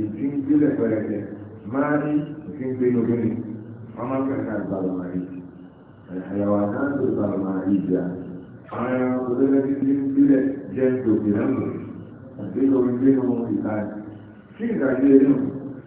S3: ìdíńgbélẹ̀ pẹ̀lẹ̀kẹ̀ máa rí ìdíńgbélẹ̀ obìnrin wọ́n máa fẹ̀rẹ̀ àríbàmà rí ẹ̀yàwó àdáńtò ìbàmà rí ìjà àwọn ẹranko lẹ́lẹ́bí ìdíńgbélẹ̀ jẹ́ tòkè lẹ́nu àti lórí gbénu ìta kí ìdájọ́ ẹ̀yìn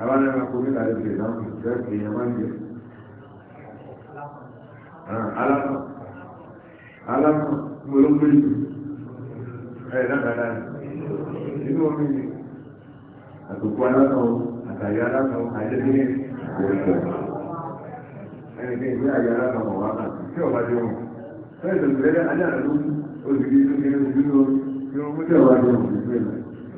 S3: àwọn ẹranko nílà ẹgbẹ̀ ìdáhùn ìfẹ́ èèyàn máa ń jẹ ah, alámọ̀ alámọ̀ mo ló gbé jù ẹ̀ dáadáa nínú omi ni àtòkù alámọ̀ àtàyè alámọ̀ àjẹsílẹ̀ ìwòsàn ẹni kí ìwé àyè alámọ̀ wà kà tí ọba jẹ wọn fẹ́ẹ̀ tó ti lẹ́yìn ajá àdúgbò ó sì fi tó kéré ojú lórí tí wọ́n mú tí ọba jẹ wọn ìgbé náà.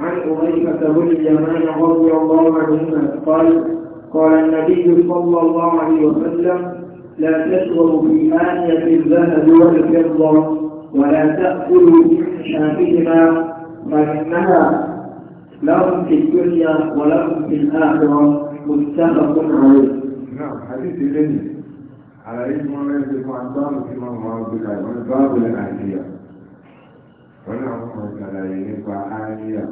S1: عن أميمة بن اليمان رضي الله عنهما قال قال النبي صلى الله عليه وسلم لا تشرب في آنية الذهب والفضة ولا تأكل من فإنها لهم في الدنيا ولهم في الآخرة متفق
S3: عليه. نعم حديث جميل على اسم الله ما يملك عن ضابط إمام ربك من باب الآنية. ونعم عليه وآنية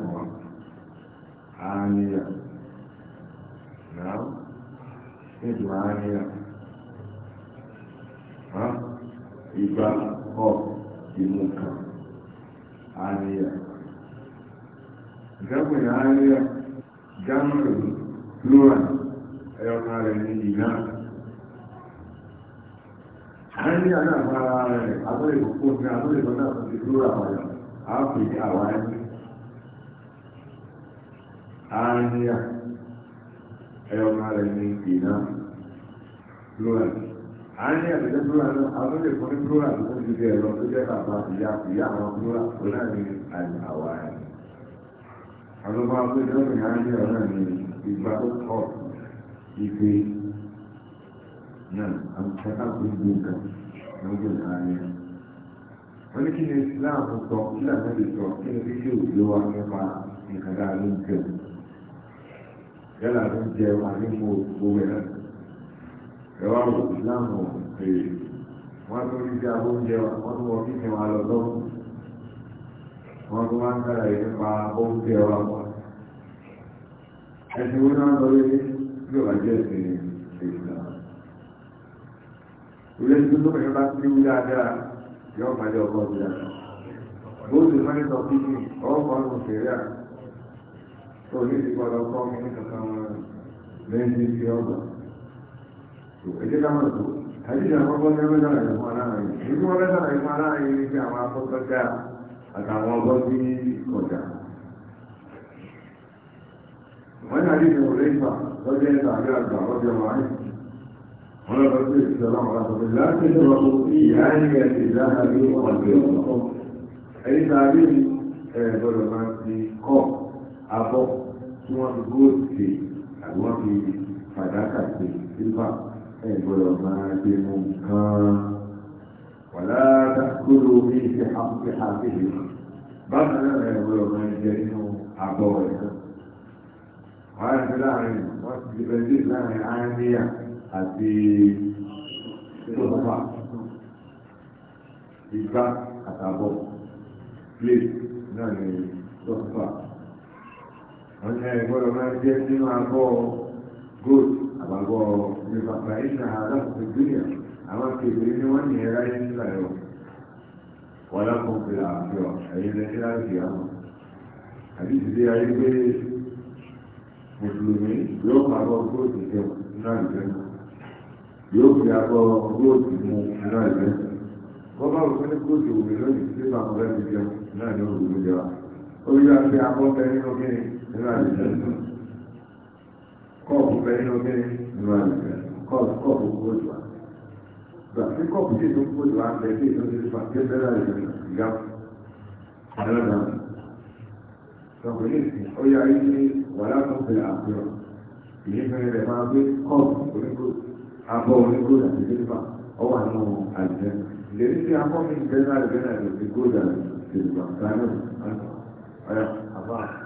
S3: عاملة نعم اسم عاملة ها يبقى قوم يمكن عاملة جمع عاملة جمع plural ẹ̀yọ́ kan rẹ̀ ní ìlà عاملة náà fara rẹ̀ abúlé kòkó ní abúlé kan náà àárín ẹ̀yọ̀ká rẹ̀ ní ìná plural àárín àtẹ̀jẹ́ plural àwọn olè ní plural tó ti di ẹ̀rọ tó jẹ́ bàbá ìyá ìyá àwọn plural tó náà ní àwà ẹ̀ àwọn ọmọ akójọ ní àárín ìgbà tó kọ́ náà àwọn wọ́n kí ni kí ni nípa ló ń yálà tó ń jẹ wọn ní gbogbo ẹ̀ náà ẹ̀wá wò láàmú èrè wọ́n tó rí bí abó ń jẹ wọn wọ́n tó wọ́n kí ni wọn lọ lọ́wọ́ wọ́n tó wá ń sára yìí nípa oúnjẹ wa wọn. ẹ̀sìn wo náà lọ rí bí ọ̀rọ̀ jẹ́ ẹ̀sìn ìgbà. ìrẹsì tó tó kẹ́kẹ́ bá ti wú dáadáa yọ ọ̀pá jẹ́ ọkọ̀ ọ̀gbìn bó ti mọ́nítọ̀ kíkì ọ̀pọ̀ ọ̀nà òṣèré àná orí ti padà kọ́ mi ní kankan wọn lẹ́yìn tí fi ọgbà tó ẹjẹ́ ká máa tó àyíṣe àkọ́kọ́ ní ọmọdé àyè fún aláàyè nínú ọmọdé àyè fún aláàyè ní ti àwọn akọ́kọ́ dá àtàwọn ọgbọ́n tí kọjá wọ́n ní àyíṣe òré ìfà lọ́jọ́ ìta àbí àgbà lọ́jọ́ wáyé wọ́n lọ́jọ́ sí ìṣẹ̀lá wọn láti fi láti lọ ìyá ẹ̀yẹ ti láti ọ̀gbẹ̀ ọ̀gbẹ̀ ẹ̀yìn tàbí ẹ̀ẹ́dọ̀rọ̀ máa ti kọ́ abọ́ tí wọ́n fi góòlù ṣe àbí wọ́n fi fàdákà ṣe sílvà ẹ̀ gbọ́dọ̀ máa ṣe mú nǹkan wàlá dákúrò ní ìṣe àpòkè àbílẹ̀ bákan náà ẹ̀ gbọ́dọ̀ máa jẹ nínú àbọ̀ rẹ̀ náà. àwọn ẹ̀ṣẹ̀ láàrin wọ́n ti bẹ̀rẹ̀ láàrin áńdíà àti sílvà ìgbà àtàbọ̀ plé náà ní lọ́fà wọ́n ní ẹgbọ́dọ̀ máa jẹ́ nínú abọ́ gold àbàbọ̀ nípa ìṣà aláàbò júlíà àwọn kèbèrè ni wọ́n ní ẹ̀rá yẹn nígbà yọ wọ́n lákùn fi àfihàn ẹ̀yìn lẹ́sẹ̀ láti àwọn àdìsí bí ayé pé mùsùlùmí yóò pàbọ̀ gold jẹun nínú àlùfẹ́ yóò fi abọ́ gold mu nínú àlùfẹ́ bọ́bá òfin ní kóòtù òwe lónìí nípa ọ̀rẹ́ mi jẹun náà ní òwe ló jẹ àti abọ́ bẹ nínú kí nínú àlùjẹ́ kọ́ọ̀pù bẹ nínú kẹ́lẹ́ nínú àlùjẹ́ kọ́ọ̀pù gbogbo jù wá gbà tí kọ́ọ̀pù tí èso gbogbo jù wá bẹ tí èso ti fà tí bẹ́ẹ̀ àlùjẹ́ ìyá ọ̀dọ́dọ́ sọ̀rọ̀ ní ìsìn ó yá rí ní wàhálà tó fẹ́ àpérò ìyẹ́fẹ́rẹ́ rẹ̀ máa gbé kọ́ọ̀pù onígbò abọ́ onígbò àti sílífà ọwọ́ àánú àjẹ́ lèyí tí akọ́mi ìgbẹ́nà ìgbẹ́nà ìgbẹ́nà ìgbẹ́nà ìgbẹ́nà ìgbẹ́nà ìgbẹ́nà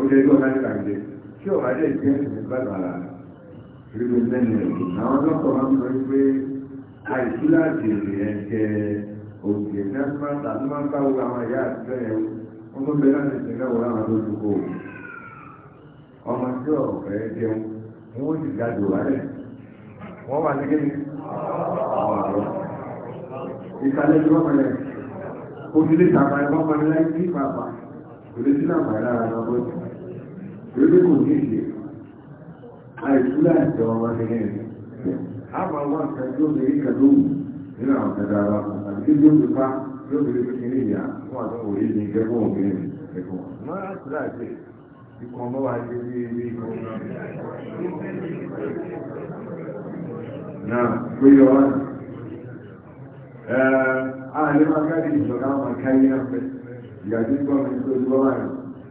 S3: ó lè rí ọ̀nà ìkàǹdé tí ọ̀rọ̀ ajé ìgbé ẹ̀sìn gbàgbà la rí ló lẹ́nu ẹ̀sìn àwọn dọ́kọ̀ máa ń sọ pé àìsí láti èrè ẹ̀jẹ̀ òkè ní asúmáta ló máa ń bá wo àwọn ìyá àtijọ́ yẹn wọ́n tó bẹ láti ṣe lẹ́wọ̀ láwọn tó ti kó ọmọ tí ọ̀fẹ́ jẹun wọ́n sì jáde wálẹ̀ wọ́n wà ní kéde ọ̀rọ̀ ìkàlẹ̀ tí wọ́n mọ̀lẹ̀ òfin lè tàbí ẹgbọ́n mọ̀lẹ́ láì sí pàápàá kò lè sí làǹfààní lára ọmọ bọ́ọ̀dù lórí kò ní ìdè àìsúlá ìjọ ọmọ ní ẹ̀rẹ̀ àbá wọn kan tí ó lè rí ha nínú àwọn ọ̀gá wa àti tí ó ti pa yóò fi ha ìyá fún ha yìí ní ìjẹ́ fún òun ní ha wọn. wọ́n ha ikọ̀ ọmọ wa ha rí ilé ikọ̀ náà pé yọ wá ààrẹ máa kárí ìjọba máa kárí náà fẹ́ mi tó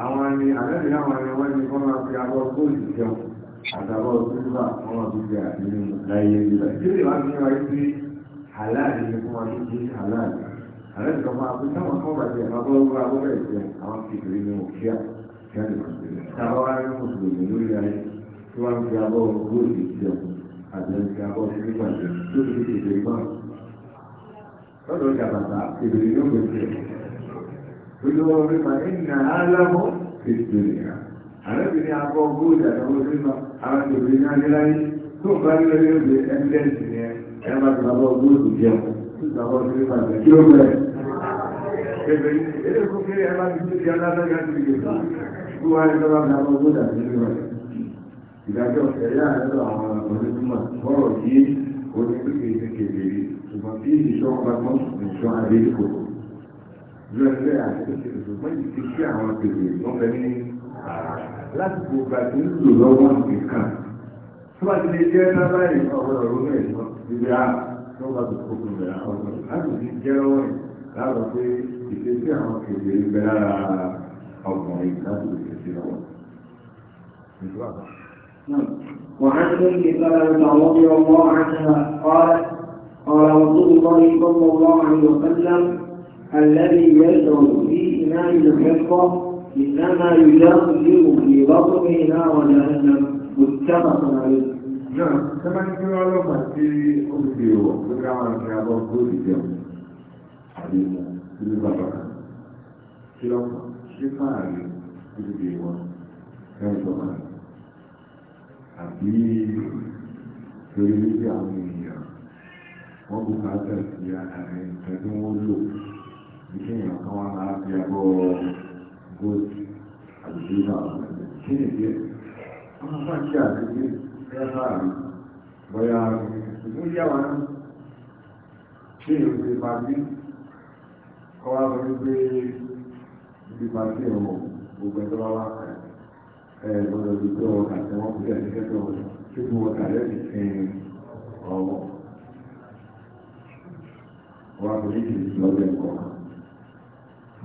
S3: àwọn ẹni àlẹ́bí láwọn ẹni wọ́n ní kọ́ máa fi abọ́ góòlù jẹun àtàbọ̀ sílvà wọn máa fi jẹ àdínú láyé nígbà tí lè wá fi wáyé sí aláàdì ní fún wọn ní aláàdì àlẹ́bí kan máa fi táwọn kan bàjẹ́ àwọn abọ́ gbọ́ abọ́ àwọn kékeré ní òkíà kí á lè wá ní mùsùlùmí lórí ayé tí wọ́n fi abọ́ olórí ma nínà aláwọ̀ ètò ìrìnà àrẹ́bìnrin akọ góòlù àtàwọn olórin àwọn ìjọba iná níláyé tó bá nílẹ̀ lóde ẹgbẹ́sì ni ẹ má ti bàbá góòlù jẹun tó bàbá olórin ma jẹ kí ó bẹ̀rẹ̀ ẹgbẹ́ ilé kó kéré ẹ má ti tó di alágbẹ́gá ti lè fà kó wá ní bàbá bàbá góòlù àti nínú rẹ̀ ìdájọ́ ẹ̀yà ẹ̀rọ àwọn onígbìmọ̀ bọ́rọ̀ yìí onígbìmọ̀ kékeré ṣùgbọ́n bí ìṣọ́ ọgbà mọ́sùn ìṣọ́ adé kòkó yọ ẹgbẹ́ àti ìṣèlú ṣùgbọ́n yìí ti ṣe àwọn tèlè tó ń bẹ ní láti kó gba tí ń lò lọ́wọ́ nìkan tó bá ti lè jẹ́ lábá yìí ọ̀rọ̀ ronú ẹ̀ lọ ibi a tó bá ti kó gbogbo ọ̀rọ̀ láti ti jẹ́ lọ́wọ́ yìí láàrọ̀ pé ìṣesí àwọn tèlè ń bẹ lára ọkùnrin
S2: láti lè ṣe lọ́wọ́.
S1: وعن ابن سلمة رضي الله عنها قالت قال رسول الله صلى الله عليه وسلم الذي يشرب في إناء الحفظة
S3: إنما يجاوز في بطنه نار جهنم متفق عليه náà sẹ́mà ní kí wọ́n lọ́pàá tí ó ń fi wọ̀ tó ká wọn kí abọ́ tó lè jẹun àbí mọ bàbá kan kí lọ́pàá ṣé fáàrí tó tó máa àbí torí wípé àwọn èèyàn wọ́n kò ká tẹ̀sí ààrẹ nǹkan wọ́n lò ìṣẹ́yìn kan wá máa fi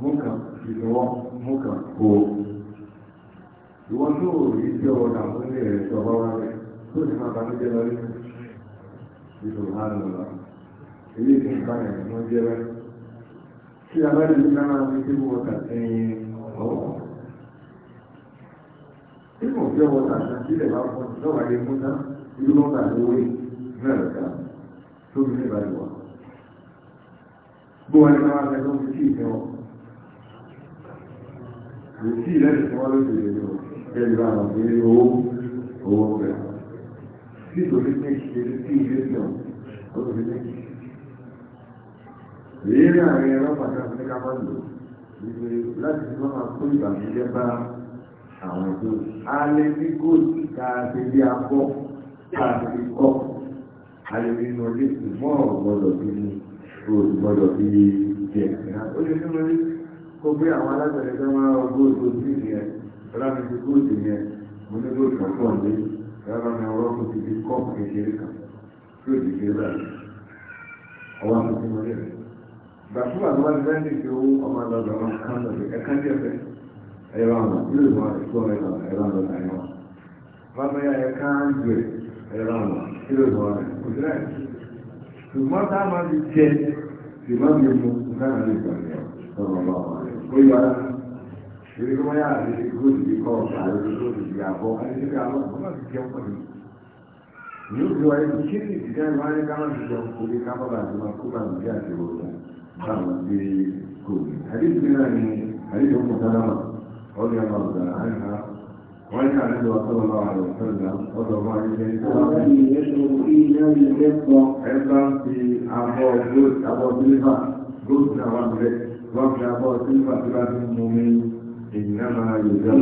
S3: mú ìlọ́wọ́ mú kàn kó tó rí jẹ́ ọ̀nà àmúlẹ̀ rẹ̀ tó ọba wá rẹ̀ tó sì máa bá ní rí ìtò àrùn ilé ìtò ìbáyà ni wọ́n jẹ́ tí a bá lè ní ká ní tí wọ́n tà sí sílẹ̀ bá fọ́ máa fẹ́ tó ń ìfẹ́ wọn kò sí tí wọ́n lóṣèlú ní o kẹ́lì bá wọn pé owó owó rẹ̀ sí ìtòsí ní ṣe sí ilé náà ó tó fi ní kí. èyí ní àárín ẹ̀rọ pàtàkì ní káfá lò wípé láti fi máa kó ìbànújẹ́ bá àwọn ètò alẹ́ ní góòtù tá a ti bí akọ́ tá a ti fi kọ́ alẹ́ nínú ọdún ìmọ̀ ọ̀gbọ́dọ̀ fi ní gbọ́dọ̀ fi jẹ̀ ó lè nínú ọdún. kó gbé àwọn alágbẹ̀rẹ̀ tó máa ń góòdù sí ìyẹn rámi ti góòdù yẹn mo ní góòdù kan pọ̀ ní rámi mi ọ̀rọ̀ kò ti fi kọ́ọ̀pù kékeré kan tó ti fi rà ọwọ́ àwọn tí mo lè rẹ̀. gbàtúwà ló wá bẹ́ẹ̀ ní owó ọmọ lọ́dọ̀ ọmọ kan lọ́dọ̀ ẹ̀ka díẹ̀ ya ẹ̀ka ń gbé ẹ̀rọ àwọn ṣùgbọ́n táwọn ti mi mú ní ti jẹun kò ní kábọ̀lá Àwọn ènìyàn wọ́n fi abọ́ sí pàtíwá sí mú mi ìnáma yóò jẹ́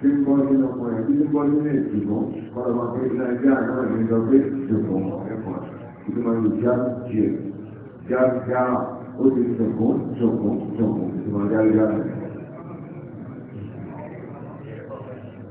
S3: Tí ń bọ́ nínú ọmọ ẹ̀ tí ń bọ́ nínú ìtìmọ́, ọlọ́mọ pé ilẹ̀ ẹgbẹ́ àwọn ìrìnlọ pé ìṣòfò ẹ̀kọ́ ìtumọ̀ yóò já jẹ́ já já ó ti ṣòfò ṣòfò ṣòfò ìtumọ̀ já já rẹ̀.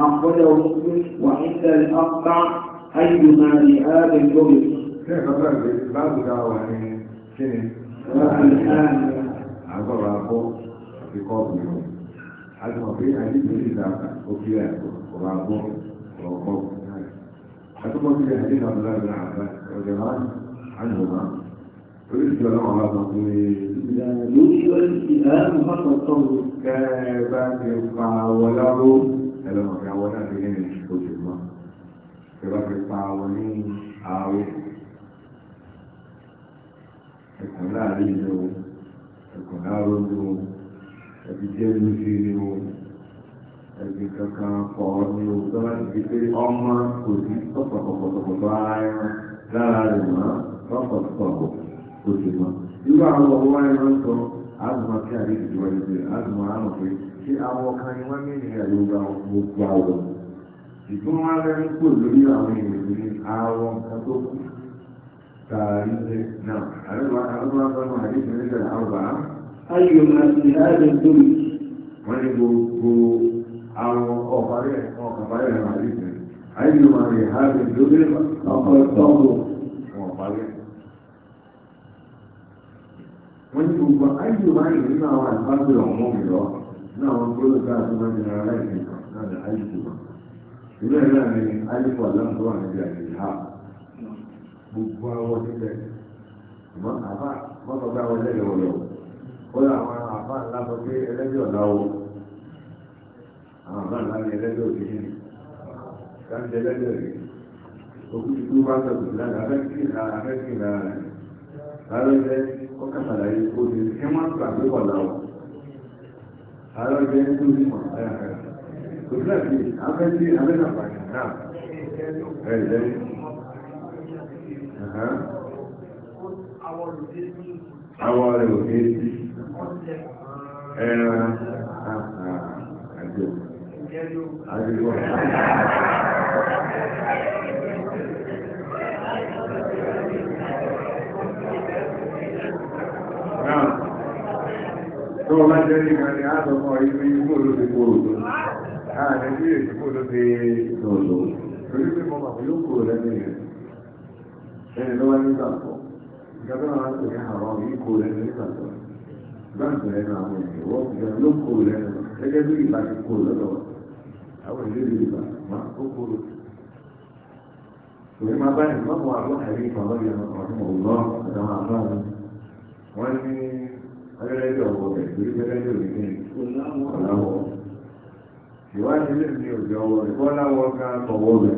S1: أخرجه مسلم وعند الأربع أيما
S3: لآل الجبل كيف تربي باب دعوة يعني سنة؟ الآن عبر عبور في قوم منهم حتى في حديث من دعوة وفي وعبور وقوم حتى في حديث عبد الله بن عباس رضي الله عنهما ويسجد لهم على تطويل لا يوجد الالتئام فقط كيف يقع وله ẹlọ́mọ̀ pé àwọn náà ti ní ìrìn oṣù mọ́ tí wọ́n fi pa àwọn ní ààwẹ̀ ẹ̀kọ́ láàrin ìlú ohun ẹ̀kọ́ láàrin ojú ohun ẹ̀bí jẹ́ ìlú sí ilé ohun ẹ̀bí kankan pọ̀ ní ohun tó láti fi pé ọmọ kò sí tọ̀pọ̀tọ̀pọ̀tọ̀ ara ẹran lára rẹ̀ mọ́ tọ̀pọ̀tọ̀pọ̀ oṣù mọ́ irú àwọn ọmọ wa ẹran sọ àdùnmọ́ kí àdéhùn ìwádìí pé tí àwọn kan ni ní ìrìn àjò gbogbo àwọ̀ ìgbọ́n wọn rẹ̀ pò lórí àwọn èèyàn ní àwọn kan tó kù tààrí ṣe náà àrẹ́wà àrẹ́wà fẹ́ràn àdéhùn nílẹ̀ àwọ̀ ayò máa ti láàrẹ̀ lórí wọ́n ní gbogbo àwọn ọ̀fàrẹ́ ọ̀kàfàrẹ́ rẹ̀ máa dìbò ayò máa rẹ̀ hàrẹ̀ lórí ọkọ̀ ìtọ́wò wọn ní gbogbo ayò máa nínú àwọn náà gbọ́dọ̀ ká àti wọn aláìsí náà ní àìsí ilé ẹ̀rọ ni àìsí aláǹtó wà níbi àìsí ha gbogbo awọ níbẹ̀ ṣùgbọ́n àbá mọ́tò bá wọlé lọ́wọ́lọ́ ó lọ àwọn àbá ńlá sọ pé ẹlẹ́bí ọ̀la wo àwọn àbá ńlá ni ẹlẹ́bí òkè yìí káńtì ẹlẹ́bí òkè òkú ti kú bá sọ̀tù láti abẹ́kì ìlà rẹ̀ lálẹ́ ọkàtàlàyé kó ti kí wọ́n gbàgbé ọ̀la ààrẹ ọjọ́ Àwọn ọ̀rẹ́ òkè sí
S2: àjò àjò
S3: tó wọ́n bá jẹ́ ní kan ní àtọ́kọ́ ìlú ikú ló ti kúrò tó ààrẹ sí èsìkò ló ti lòlò torí mọ́ bàbá yóò kúrò lẹ́nu rẹ̀ ẹni ló ní ìgbàgbọ́ ìjọba náà máa kó kúrò àwọn àbọ̀ àrí ìfọ̀rọ̀ yẹn ọ̀gbọ́n àtàwọn àbọ̀ àwọn ní ọlọ́lẹ́jọ́ ọ̀wọ́ rẹ̀ torí pẹ́lẹ́jọ́ rẹ̀ ní ọ̀làwọ̀ ìwádìí lè ní òjò ọwọ́ rẹ̀ kọ́ láwọ́ ká ọwọ́ rẹ̀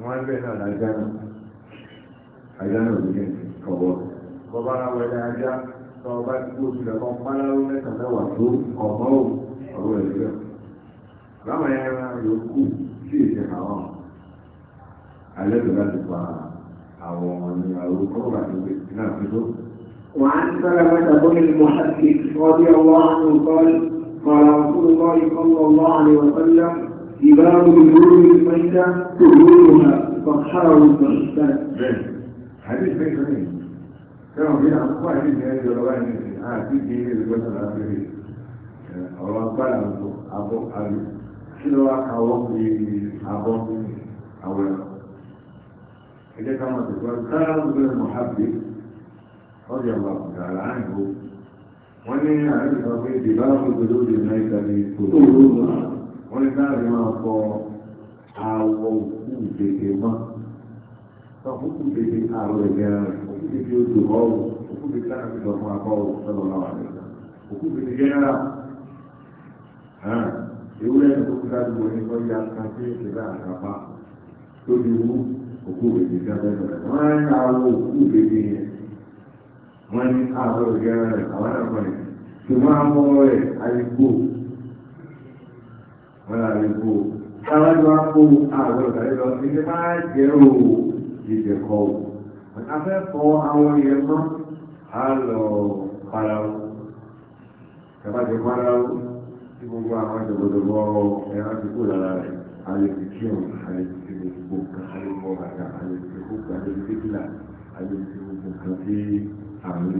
S3: wọ́n ń bẹ̀ náà lájánà àjánà òjò ọwọ́ bọ́bá aláwọ̀ ẹ̀dá ajá ọba tí
S1: وعن سلمة بن المحدث رضي الله عنه قال قال رسول الله صلى الله عليه وسلم إباب الجود الميتة تهورها فاحره المحسن.
S3: حديث بيت كانوا في أخطاء في هذه الرواية من آه، في دين الوثن أو أخطاء أبو أبي شنو أو أبو أو إذا كان تقول كان من ọjọ́ ọ̀gbà láàrínkó wọ́n ní àríkà pé ìdìbáwò pẹ̀lú ìdìbò ìta ní kòtò òwúrọ̀ wọ́n ní káàrí máa kọ àwọ̀ òkú ìdèdè mọ́ òkú ìdèdè àrò ẹ̀gẹ́ rẹ̀ òkú ìdèdè odò ọ̀wọ̀ òkú ìdèdè láti lọ fún akọ́ ọ̀sọ̀rọ̀ náà wà nígbà òkú ìdèdè gẹ́nẹ́rà ewúrẹ́ tó kú ládùúgbò ní kọ́ ya kan sí ìṣẹ̀lẹ̀ àkàpá tó ti wọ́n ní àbọ̀ ìgẹ́rẹ́ rẹ̀ àwọn àpọ̀lẹ̀ tó máa mọ́ rẹ̀ àrígbò wọ́n àrígbò táwájú wá kó àbọ̀ ìgbàlẹ́ lọ sí ní máa jẹ́rò ìjẹ̀kọ́ afẹ́kọ́ àwọn ìyẹn mọ́ á lọ parao tàbátẹ̀ parao tí gbogbo àwọn ìjọ̀gbọ̀dọ̀gbọ̀ ẹran ti kó lára rẹ̀ àlejò kí òun àlejò ti gbogbo kan àlejò kó àlejò kékeré àlejò gbogbo kan sí وعن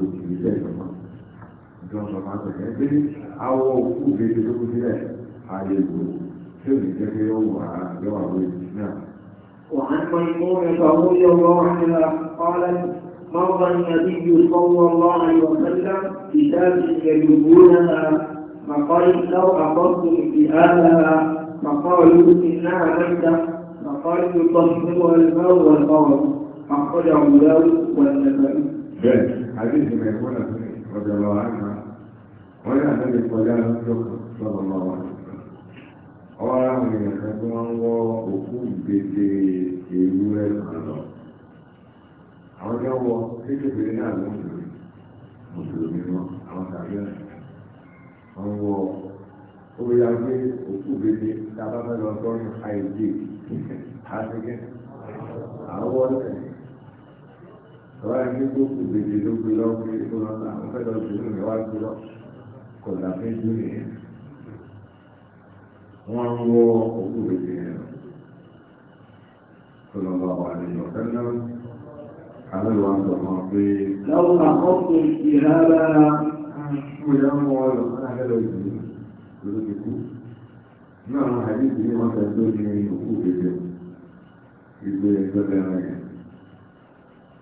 S1: ميمونة رضي الله عنها قالت مر النبي صلى الله عليه وسلم كتاب يجيبونها فقال لو أخذتم ابتهالها فقالوا إنها ميتة فقالوا يطهرها الماء والقرب أخرجه داود والنبي
S3: bẹ́ẹ̀ àdéhùn mẹ́kúnà ọ̀dọ̀ lọ àná wọ́n ní àná lè kọjá lọ́kàn lọ́wọ́ lọ́wọ́ ọwọ́ àwọn èèyàn kan tí wọ́n ń wọ́ òkú ìgbèdè èlú rẹ̀ kan lọ àwọn tí wọ kékeré náà ló ń lò mùsùlùmí wọn àwọn tàbí wọn wọ ó yà òkú ìgbèdè tá a bá fẹ́ lọ sọ́run àìjì àti kẹ́ àwọn ọ̀sẹ̀ wá ní gbogbo gbèdé ló gbé lọ pé ó lọ sí àwọn fẹ́ lọ sí inú mi wá gbé lọ kò láfẹ́ jù ní wọ́n ń wọ òkú gbèdé rẹ̀ kò lọ bá wà ní ọ̀kẹ́ náà àwọn ìwà ń sọ̀rọ̀ pé láwọn àkọ́kọ́ ìhàlá mo yà mọ́ ọ lọ sí àfẹ́ lọ sí lórí ti kú náà àyíkú ni wọ́n fẹ́ tó ní òkú gbèdé ìgbé ẹgbẹ́ rẹ̀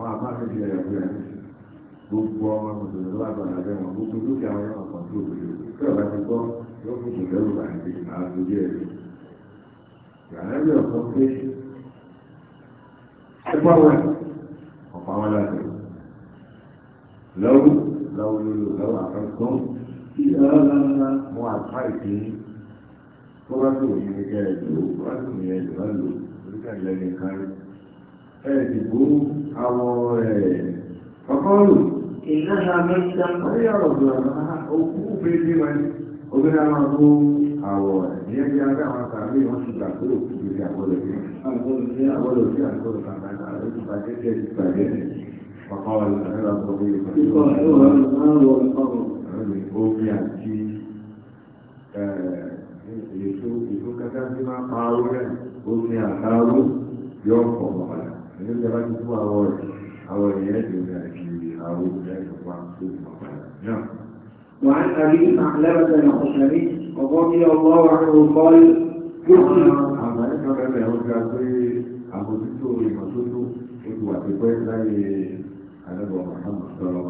S3: àwọn àbáfẹ́ ti rẹ̀ ẹ̀ gbogbo ọmọ mùsùlùmí wà gbọ́dọ̀ wọn gbogbo dúkìá wọn yóò kàn tó òbí tí ọba ti gbọ́ yóò fún kò lẹ́rù bá ti máa lórí ẹ̀ lọ. ìrànlẹ́bí ọ̀sọ́ pé ẹgbọ́n wọn ọ̀pá wọn láti lọ́wọ́ lọ́wọ́ lọ́wọ́ lọ́wọ́ àkọ́kọ́ mo àpá ìpín tó bá tó bá tó òyìnbí kẹrẹ̀ ẹ̀dìbò àwọn ọkọ̀rù ìnáha àwọ̀ ẹ̀yẹ́ bí agbá àwọn àtàrí wọn ti gbà pé òkú bèèrè àbọ̀lọ̀ sí àbọ̀lọ̀ sí àkọlù kàkàkà lójú bàjẹ́ ẹni tí bá ti fún àwọn rẹ̀ àwọn èèyàn ẹ̀sìn rẹ̀ àti àwọn
S2: olùdarí ìjọba tó ti mọ̀ padà náà.
S1: وعن أبي ثعلبة الخشني
S3: رضي الله عنه قال àmà ẹ̀ka mẹ́rin àwọn ọjà pé àbójútó ìmọ̀tótó ó ti wà ti pẹ́ láyé àdẹ́bọ̀ mọ̀hámà sọ̀rọ̀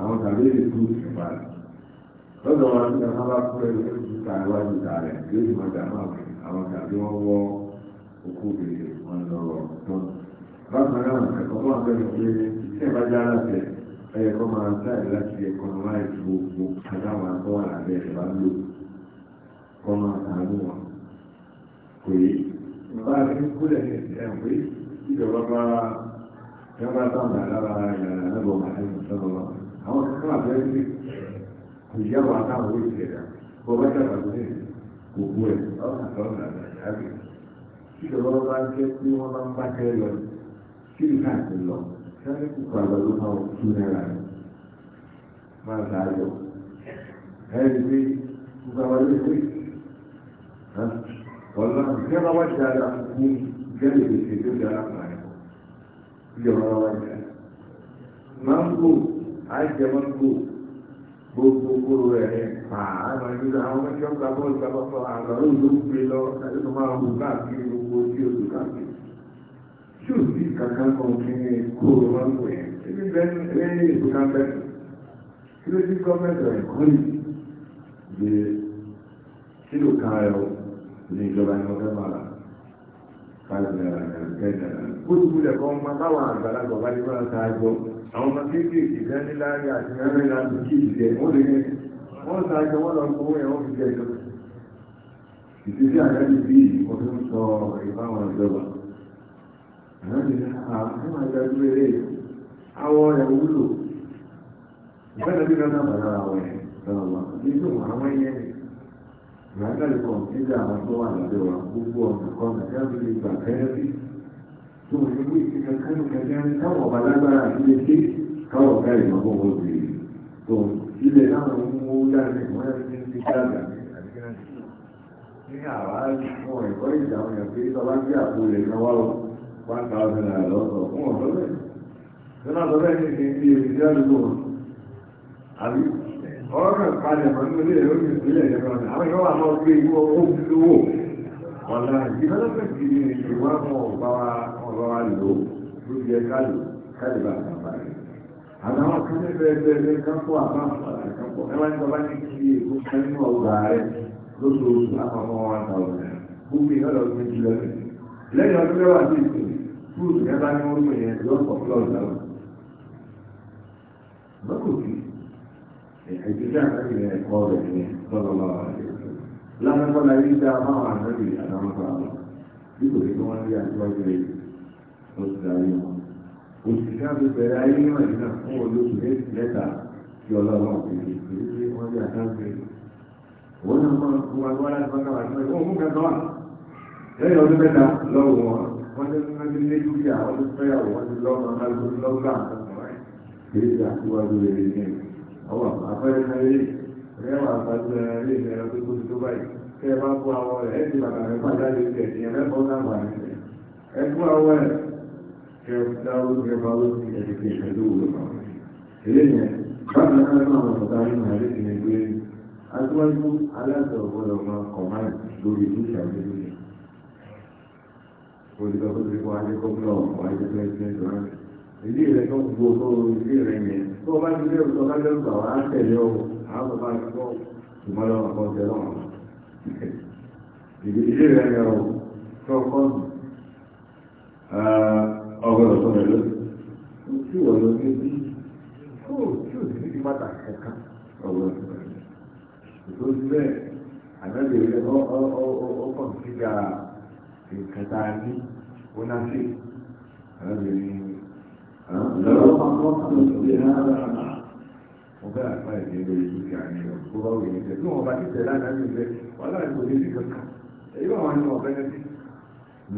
S3: àwọn tàbí ètò ìjọba lọ́dọ̀ wa ní ọ̀hán bá pẹ́ lójú ta iwájú ta rẹ̀ yóò ti máa dàmú àwọn tàbí wọ́n wọ́ okó bèrè wọn lọ́rọ̀ tọ́nu bákan ìjọba bá jọba táwọn àlára ìlànà máa ń bá dàgbà sí kí ni káàkiri lọ sáré kúkú àgbàdo fáwọn tún náírà rẹ máa ta ayọ̀ ẹni pé kúkú àgbàdo ìwé ọ̀la ìjẹ́ bá wá ti ara ní ìjẹ́lẹ̀ ìgbésẹ̀ tó di alákùnrin rẹ̀ bí ọ̀rọ̀ wá jẹ́ máńgò àìjẹ máńgò gbogbo kóró rẹ̀ pàà àwọn ìjọba àwọn ọmọ ìjọba bọ́ọ̀lù bàbá fọ àgbàdo ìlú gbé lọ ẹni tó máa wù káàkiri gbogbo tí o tù káàkiri tí ò sí kankan kan kí ní kó o máa ń pè é ebi bẹ́ẹ̀ lẹ́yìn ètò kan bẹ́ẹ̀ kí ló dé gọ́ọ̀mẹ̀ntì ẹ̀kọ́ yìí gbé kílò kan ẹ̀rọ ní ìjọba ẹ̀rọ fẹ́ máa rà káàdì náírà kẹ́kẹ́ náírà bó ti wúlẹ̀ kọ́ ọmọ báwọn àgbàlagbà bá ti máa ta àjọ àwọn ọmọ kéékèèké gan ní láàrin àti mẹ́rin náà ló kí ìjẹ wọ́n lè ní wọ́n ta àjọ wọn wọ́n fi ìdílé àgbàlagbà bíi sọ ìbáwọn ìjọba àwọn ìdájú eré àwọ̀ rẹ̀ wúlò ìbẹ́lẹ̀ bí lọ́nà bàrá àwẹ̀ lọ́wọ́ nínú àwọn ẹyẹ ìrànlẹ́ kan nígbà àwọn tó wà lábẹ́ wa gbogbo ọ̀nà kan nàìjíríà tó gbà fẹ́rẹ́ bí tó wọ́n ní pé ìṣẹ́jọ kánú kẹjẹ ọba lágbára àti lè ṣe káwọn ọ̀gá ìmọ̀gbọ́n wọn lè tó ilẹ̀ náà ń mú dáadé wọ́n yẹ kí ní dáadáa ní àwárí wọn ẹ̀kọ́ ìjà one thousand naira lọ́sọ̀ fún ọ̀dọ́ bẹ́ẹ̀ tí wọ́n sọ bẹ́ẹ̀ ní kí n bí ebi tí wọ́n lò àbí ọ̀rọ̀ kan palẹ̀ mọ́ nínú ilé ìròyìn ìpínlẹ̀ ìjọba ọ̀sẹ̀ àwọn ìyọ́wà máa gbé ìlú owó lówó ọ̀la ìdílọ́pẹ̀sì ni ìwà fún ọ̀bá wa lò lórí ẹ̀ ká lò kálíbà àgbà rẹ̀ àtàwọn kan ní bẹ́ẹ̀ bẹ́ẹ̀ bẹ́ẹ̀ kan kó àbá àpàlà kan kó ẹ wá ní bàbá ní kí èkó kan nínú ọgbà rẹ̀ lóṣooṣù àpapọ̀ one thousand gbogbo ìyọ́lọ́ e fi jùlọ lẹ́yìn ọdún mẹ́wàá sí ìsìn kúrò ní ẹbá ní orúkọ yẹn lọ́pọ̀ lọ́ọ̀ lọ́wọ́. lọ́kùnkì ìdílé àtàkì rẹ̀ ẹ̀kọ́ rẹ̀ ní sọ́lọ́lọ́ lánàkọ́lá yìí dá máwọn ànábì àdámọ́tò àwọn bí kò ní kí wọ́n rí àtúwájú rẹ̀ tó ti darí wọn. òṣìṣẹ́ àti bẹ̀rẹ̀ ayé ní màdínà fún olóṣù méjì tí ọlọ́run ọ̀gbìn kì í ṣe wọ́n rí àtàkì rẹ̀. òun náà máa ń wọ́n tó tún ní lé dúkìá wọ́n tó tún yàwó wọ́n ti lọ́mọ náà ló ń lọ́gbà àtọkùnrin kìí ṣe àtiwájú rere ní ọwọ́ àfẹ́rẹ́ náà lè rẹwà àfàjù rẹ̀ lè rẹ̀ ọdún tó ti tó báyìí kẹ́ ẹ bá kó àwọn rẹ̀ ẹ̀ ti bàtà rẹ̀ padà lè tẹ̀ ẹ̀yẹ mẹ́fọ́ sáwà rẹ̀ ẹ̀ kó àwọn rẹ̀ kẹ́ ẹ dáwó kẹ́ bá ló ti ẹ̀dẹ̀kẹ́ pẹ̀lú òwúrọ̀ kan. eléyìí bákan náà náà wọ́n sọ̀tà nínú àlejò ẹgbẹ́ àtiwájú aláṣọ ọ̀gbọ́dọ̀ máa kọ̀ máa lórí ìlú ìṣàkóso olùkọ́ tó ti wáyé gómìnà wáyé pẹ́ẹ́sì rẹ̀ ìdí rẹ̀ tó gbogbo fún ìdí rẹ̀ yẹn tó o bá ti lé òtọ́ bá lẹ́rù bàwá á tẹ̀lé o àwọn bàbá ti kọ́ ìmọ̀lẹ́ wọn kọ́ tẹ̀lé wọn. ìdí rẹ̀ yẹn o tó kọ́ ọgbọ̀n tó rẹ̀ ló tí wọ́n lọ sí bí tó tí ò sí ti pátá ẹ̀ka ọgbọ̀n tó rẹ̀ ló. ìtòsí bẹ́ẹ̀ àná ìkẹta ní onáfẹ́ arábìnrin lọ́wọ́ pàpọ̀ àtọ̀tọ̀lẹ́ ara mo bẹ́ẹ̀ àpá ìdí lórí dúkìá ní ọ̀gbọ́n bá wòye níbẹ̀ tí wọ́n bá ti tẹ̀lé àdáyé ìbẹ̀ wọ́n láì kò ní sí kankan èyí wọ́n ní ọ̀bẹ nẹ́bí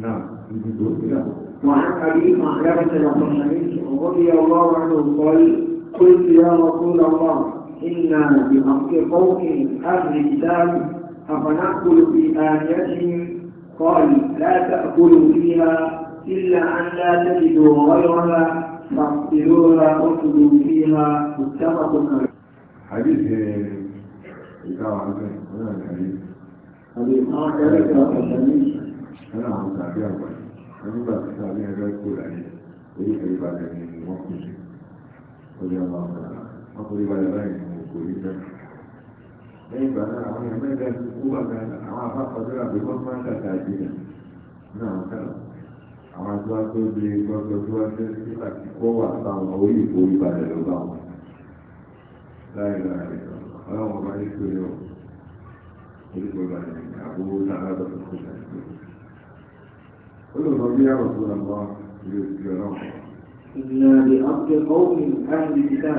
S3: náà ibùdó ìyá. وعن
S1: أبي معلمة الحسني رضي الله عنه قال قلت يا رسول الله إنا بحق قوم أهل الكتاب أفنأكل في آنيتهم قال لا تأكلوا فيها إلا أن لا تجدوا غيرها فاقتلوها وكلوا فيها
S3: متفق عليه حديث إيقاع عنه هذا الحديث حديث آه هذا الحديث أنا عم تعبير أول أنا بقى تعبير غير كل عليه ولي أي بعد من وقت شيء رضي الله عنه أقول بعد ذلك وكل ذلك lẹ́yìn ìgbà náà àwọn èèyàn mẹ́ta ti kú bàbá àwọn afáfọ́jọ́ àbí wọ́n máa ń tàkà ìdílé náà kàlọ́ àwọn àti wá tó bí gbọ́dọ̀ tó wá sí nígbà tí kó wà báwọn orí ìforí balẹ̀ ló bá wọn láì láì ọlọ́wọ́n ọba ní pé ó orípo balẹ̀ àbúrò sára lọ sí kúta ìgbé ó bí àwọn tó lọ ilé òsì ọlọ́wọ́. ìlànà àti
S1: ọ̀hún àìlè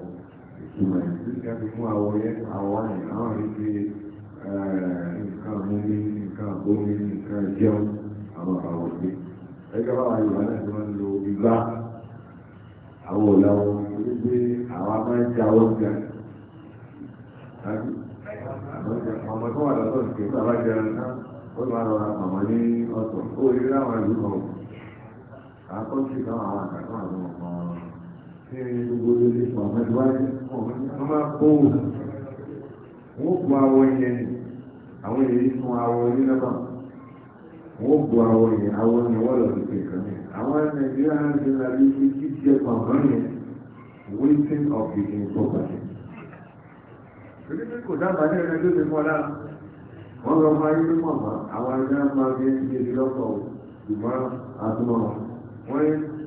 S3: ìmọ̀ mú àwọ̀ yẹn àwọn àrígbé nǹkan múmi nǹkan bómi nǹkan jẹun àwọn àwọ̀ ẹgbẹ́ bá wà Yorùbá tí wọ́n lo igbá àwọn òlàwọ̀ gbé àwọn amájà ọjà ọmọ tó wà lọ́tọ̀ nìkan tó bá jẹun náà ó lọ́ àrọ̀ àmọ́ ní ọ̀tọ̀ ó rí láwọn ìlú kan àkọ́sí
S2: káwọn àwọn àkàtọ́ àwọn ọmọ
S3: gbogbo ilé fún àwọn ẹgbẹ́ wọn máa kó wọn bu awọ yẹn àwọn èyí fún awọ yẹn náà wọn bu awọ yẹn awọ yẹn wọn lọ sí kankan yẹn àwọn nàìjíríà náà ti ra bí of the property. torí pé kò dábàá ní ẹni tó ti mọ́ lára wọ́n lọ máa yí mọ̀mọ́ àwọn ẹgbẹ́ máa bí ẹni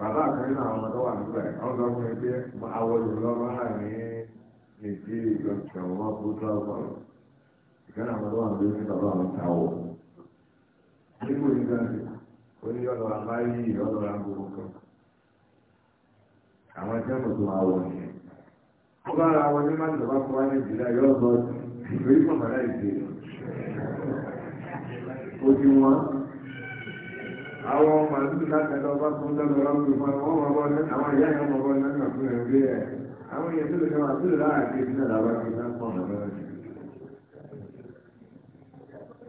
S3: bàbá àkàrí náà ọmọ tó wà nígbà ẹ̀ ọ̀gá ọmọ ẹgbẹ́ àwọlù lọ́mọ láàrin nàìjíríà ìjọba wọn kó tó ìkànnì àwọn tó wà nígbà ní bàbá àwọn táwọ̀ nígbò ní gánà ó ní ọ̀dọ̀ àbáyé ọ̀dọ̀ àgbòrò kan àwọn ẹgbẹ́ mọ̀ tó wà ó bá ara wọn ní má fún wa ní ìjìlá yóò lọ sí ìgbéyìí mọ̀ àwọn ọmọ àdúgbò látàdá ọba tó lẹ́nu ọlọ́run ìfọ́n wọn wọ́n bọ́ lẹ́nu àwọn ìyá ìyá ọmọ bọ́ lẹ́nu àfihàn ẹgbẹ́ ẹ̀ àwọn èèyàn tó lè sọ àbúrò láàrin kejì náà làwọn ti sá pọ̀ lọ́wọ́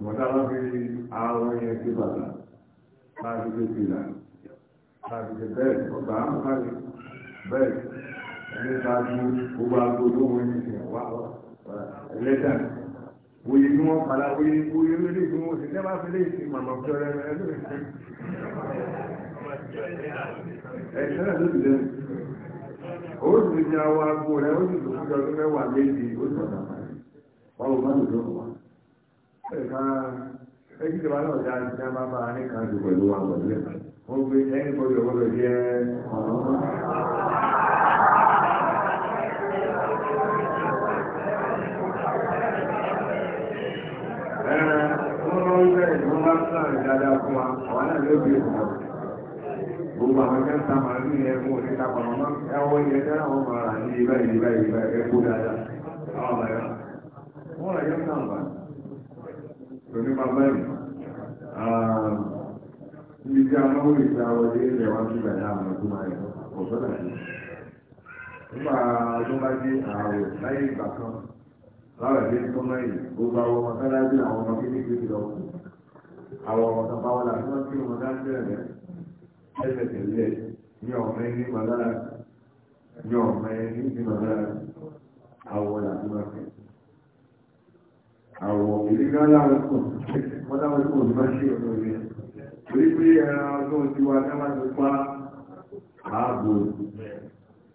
S3: mọ̀tá wọn fi àwọn èèyàn ti bàtà láti fi fìlà láti fi bẹ́ẹ̀ ọgbà àmúkálẹ̀ bẹ́ẹ̀ ẹni ta ju gbogbo agbódó wọn ní ìsìn wá ẹlẹ́dàá òye ni wọ́n padà òye òye lórí ìlú wọn òṣìṣẹ́ bá fi lè màmá fi ọ̀rẹ́ rẹ lórí ẹ̀ṣẹ́
S2: náà ló lẹ́nu
S3: ó sì ti awọ agbo rẹ ó sì tó fún ọdún mẹ́wàá méjì ó sì ọ̀dà wà ó bá lòdì ọ̀wà ẹ̀ka ẹ̀kí ìjọba náà dá ìṣẹ́ máa bá a ní kan jù pẹ̀lú wa pẹ̀lú ẹ̀ wọ́n gbé ẹni gbọ́dọ̀ gbọ́dọ̀ jẹ́
S2: ọ̀nà
S3: bá ń sáà dáadáa fún wa àwọn náà ló bí òkú gbogbo àwọn ẹgbẹ́ ta máa ní ẹgbẹ́ òní tapọ̀ mọ́ ẹwọ́ ilẹ̀ tẹ́lá wọn máa rà ní ibà ìbà ìbà ẹkú dáadáa àwọn ọmọ ẹ̀rọ rà yọ́n nígbà tó bá dé ààrẹ láyé ìgbà kan láwàdé tó máa gbogbo àwọn ọmọ sálábí àwọn ọmọ kékeré lọ kù àwọn ọ̀tọ̀ báwọlá tí wọ́n tí wọ́n dájú ẹ̀rẹ́ ẹ̀sẹ̀ tẹ̀lé ní ọ̀mọ ẹni mọ̀lára ní ọ̀mọ ẹni tí mọ̀lára àwọ̀ làbí wọ́n fẹ́. àwọ̀ ìdíkà láwọn kò wọ́n láwọn kò ní máa ṣe ọ̀dọ̀ rẹ̀ torí pé ẹran ọdún ti wá dá láti pa ààbò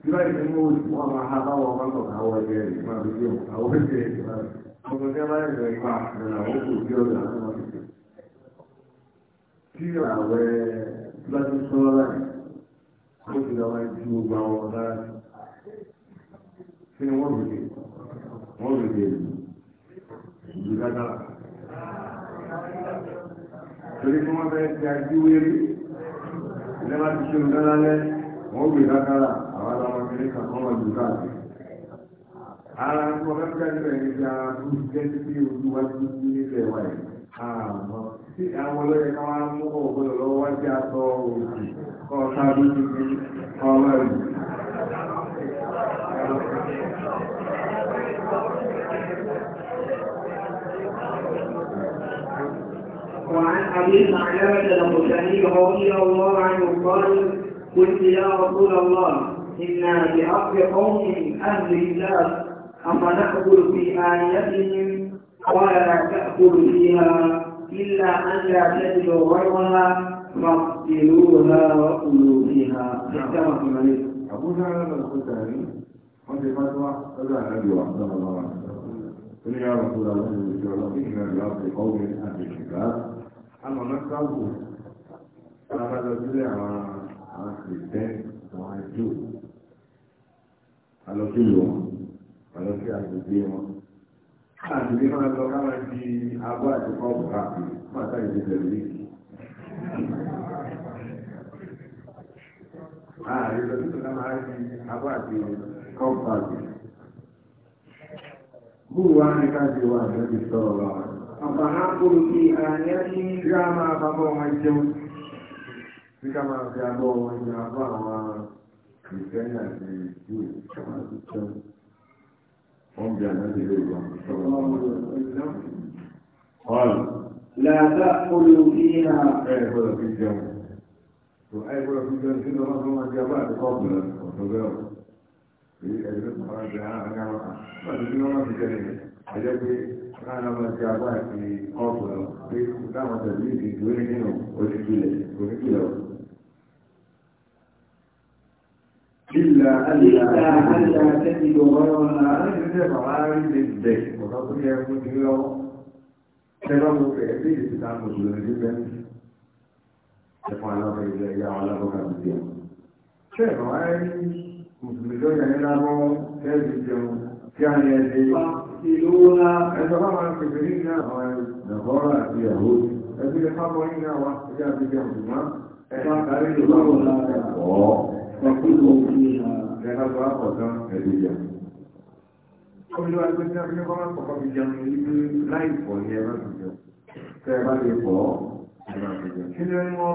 S3: tí wọ́n ti mú wọn máa ha báwọn ọmọ náà káwọ́ ẹgbẹ́ rẹ̀ máa fi yọ̀ àwọn ẹgbẹ́ rẹ̀ máa fi ọmọdé máa ń rẹ̀ pa ìrànlọ́wọ́ kò sí ọ̀dọ̀ àwọn ọmọ tí ààwẹ̀ lọ́dún sọ́ọ́rà ó ti lọ́wọ́ ju gbogbo àwọn tí wọ́n lè lè wọ́n lè lè lù dáadáa. torí kí wọ́n fẹ́ ti ajíwéré lẹ́bàá ti ṣe nǹkan lálẹ́ wọ́n lè dáadáa àwọn ọmọ kékeré kan kọ́ wọn káàkiri. ara ń kọ́ fẹ́ fẹ́ bẹ̀rẹ̀ ní ti ara tó jẹ́ sí ojú wájú nílẹ̀ wáyé tí àwọn olóyè kan máa ń mú ògbólò lọ́wọ́ wá sí aṣọ òòrùn kọ́ sáájú
S1: الله عنه قال رسول الله إنا بأرض قوم أهل الله أفنأكل في آنيتهم قال لا تأكل فيها إلا أن لا تجدوا غيرها فاقتلوها وكلوا فيها
S3: متفق عليه. أبو جهل الخزاعي وفي فتوى أذان النبي صلى الله عليه وسلم قل يا رسول الله استعلمنا بأرض قوم أهل الكتاب أما مكة أنا بدل على على كريستين وعلى الجود. على كلهم على كل أهل الدين àdìrí máa lọ káwọn di abọ́ àti kọ́ọ̀bù káàkiri máa sáyé ti tẹ̀lé ní. ààrẹ lọ sí ọ̀la máa di abọ́ àti kọ́ọ̀bù káàkiri. búrú wa ní káàdì wa àti sọ̀rọ̀ wa. àbáhá kúrò kí àyẹ́ ní ká máa bàbá wọn jẹun. bí ká máa fi abọ́ wọn jẹun abọ́ àwọn kìrìsìtẹ́nì àti júù ká máa fi jẹun oúnjẹ àti ilé ìwà ọ̀rọ̀. Làdá olùfihà. Ẹ gbọ́dọ̀ fi jẹun. Tó ẹ gbọ́dọ̀ fi jẹun sínú ọmọ tó máa jẹ abá àti kọ́ọ̀bù rẹ̀ ọ̀tọ̀ bẹ́ẹ̀ o. Èyí ẹ̀jẹ̀ tó máa jẹ àwọn àwọn àwọn àti sínú ọmọ fi jẹun ẹ̀jẹ̀ pé láàrín ọmọ jẹ abá àti kọ́ọ̀bù rẹ̀ pé dáwọn tẹ̀lé ìdìbò nínú onípìlẹ̀ onípìlẹ̀ o. Ìlà àlà tẹ́jì àti ìyàwó. Ẹbí lè fábọ́ وكل فيها لأن القرآن قدام هدية قبل أن تكون في القرآن فقط الجميل لا يفعل هي ما تجد كما يفعل Kí ló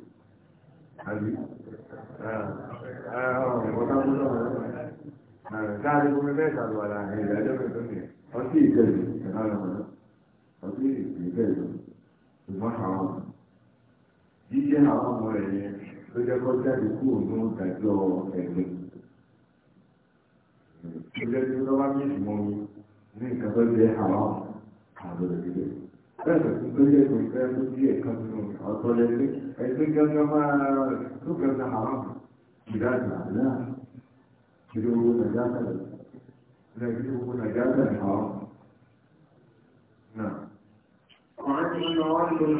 S3: àbí ah, ah, ah, káàdì gómìnà bẹ́ẹ̀ ṣàlùwàlà ẹ̀yìn ìdájọ́ mi tó nìyẹn ọtí ìgbẹ́lẹ̀ ìdájọ́ mi ọtí ìgbẹ́lẹ̀ ṣùgbọ́n àwọn jíjẹ́ àwọn ọmọ rẹ̀ yẹn ló jẹ́ kó jáde kú òun dájọ́ ẹ̀mí ló jẹ́ kí lọ́wọ́ méjì mọ́ mi ní nǹkan tó jẹ́ àwọn àbẹ̀rẹ̀ gbígbẹ́. Bẹ́ẹ̀ni, tó jẹ́ kò fẹ́ tó bí ẹ̀kan nínú ọ̀tọ̀ lẹ́gbẹ́, ẹgbẹ́ gángan máa tó gángan haram, ìdájà náà, kìlú owó nàìjáta rẹ̀, lẹ́gbẹ́ owó nàìjáta rẹ̀ haram.
S1: Náà. وعن عمران بن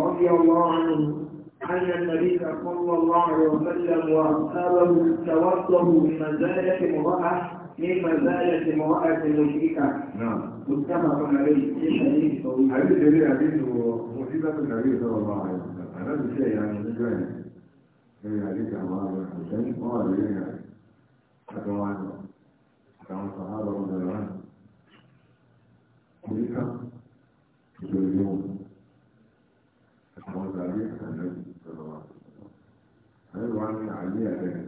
S1: رضي الله عنه أن النبي صلى الله عليه وسلم وأصحابه توضأوا من زانية امرأة في مزايا
S3: المرأة المشركة نعم متفق عليه في حديث طويل حديث جميل حديث مصيبة النبي صلى الله عليه وسلم هذا الشيء يعني من جوانب من حديث عمار بن حسين قال لي يعني حتى وعنده حتى عن الصحابة رضي الله عنهم ملكة بسليون حتى وعنده عليه حتى النبي صلى الله عليه وسلم هذا وعنده عليه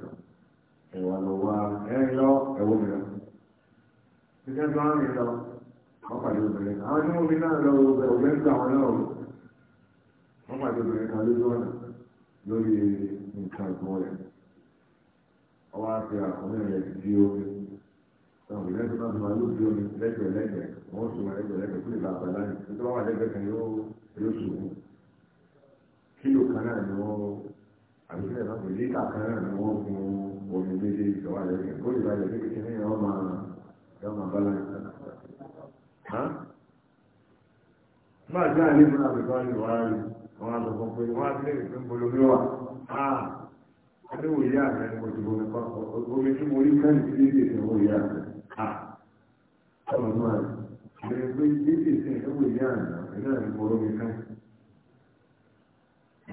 S3: jẹ́ tó ń rìn lọ wọ́n pàdé obìnrin àwọn tí wọ́n náà lọ ọbẹ̀ ọbẹ̀ ń gbà wọn náà wọ́n pàdé obìnrin kan lójú ọ̀nà lórí nǹkan ìgbọ́n rẹ̀ ọwọ́ á fi àkọ́mọ́ rẹ̀ di omi táwọn ìlẹ́yìn tó bá fi máa ló omi lẹ́gbẹ̀ẹ́ lẹ́gbẹ̀ẹ́ wọ́n sùn lẹ́gbẹ̀ẹ́ lẹ́gbẹ̀ẹ́ kúlè bá àbá láyé tó bá wà lẹ́gbẹ̀ẹ́ kan yóò yóò sùn yọmọ balance bá a jẹ́ àní fún àbẹ̀kọ́ ní wàá rí wọn a sọ̀kọ́ pé wọ́n á ti lè fi bolo mi wà á adéwò ìyá rẹ̀ ní òdìbò mi pa omi tí mo rí kánì sí ilé ìdìbò ìyá rẹ̀ á ọmọ náà rẹ̀ lè gbé ilé ìdìbò ìyá rẹ̀ náà ní mo rí mi kánì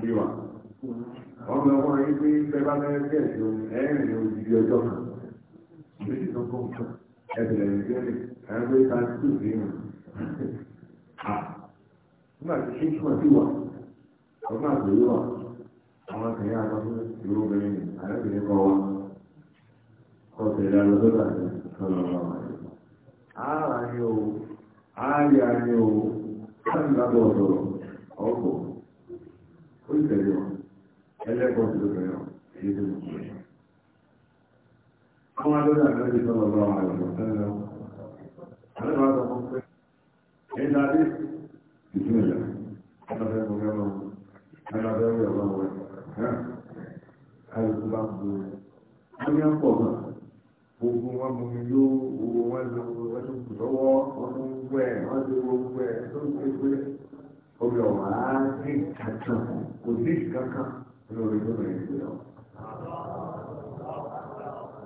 S3: bí wa ọmọ ọmọ yìí pé bẹ́ẹ̀ bá fẹ́ẹ́ bẹ́ẹ̀ sí ẹ̀rìn òdìbí ọjọ́ kan ìgbésí tó kọ́ ọ̀tún ẹ̀sìnlẹ̀ ìjọ́lẹ̀ ẹgbẹ́ ìtàkì ìrìnà àwọn akẹ̀yà àbáfún ìlú obìnrin tẹ̀lé alọ́dọ́dà ní ọ̀nà ọ̀nà ààrẹ ni o ààrẹ ni o láti lábọ̀ Àwọn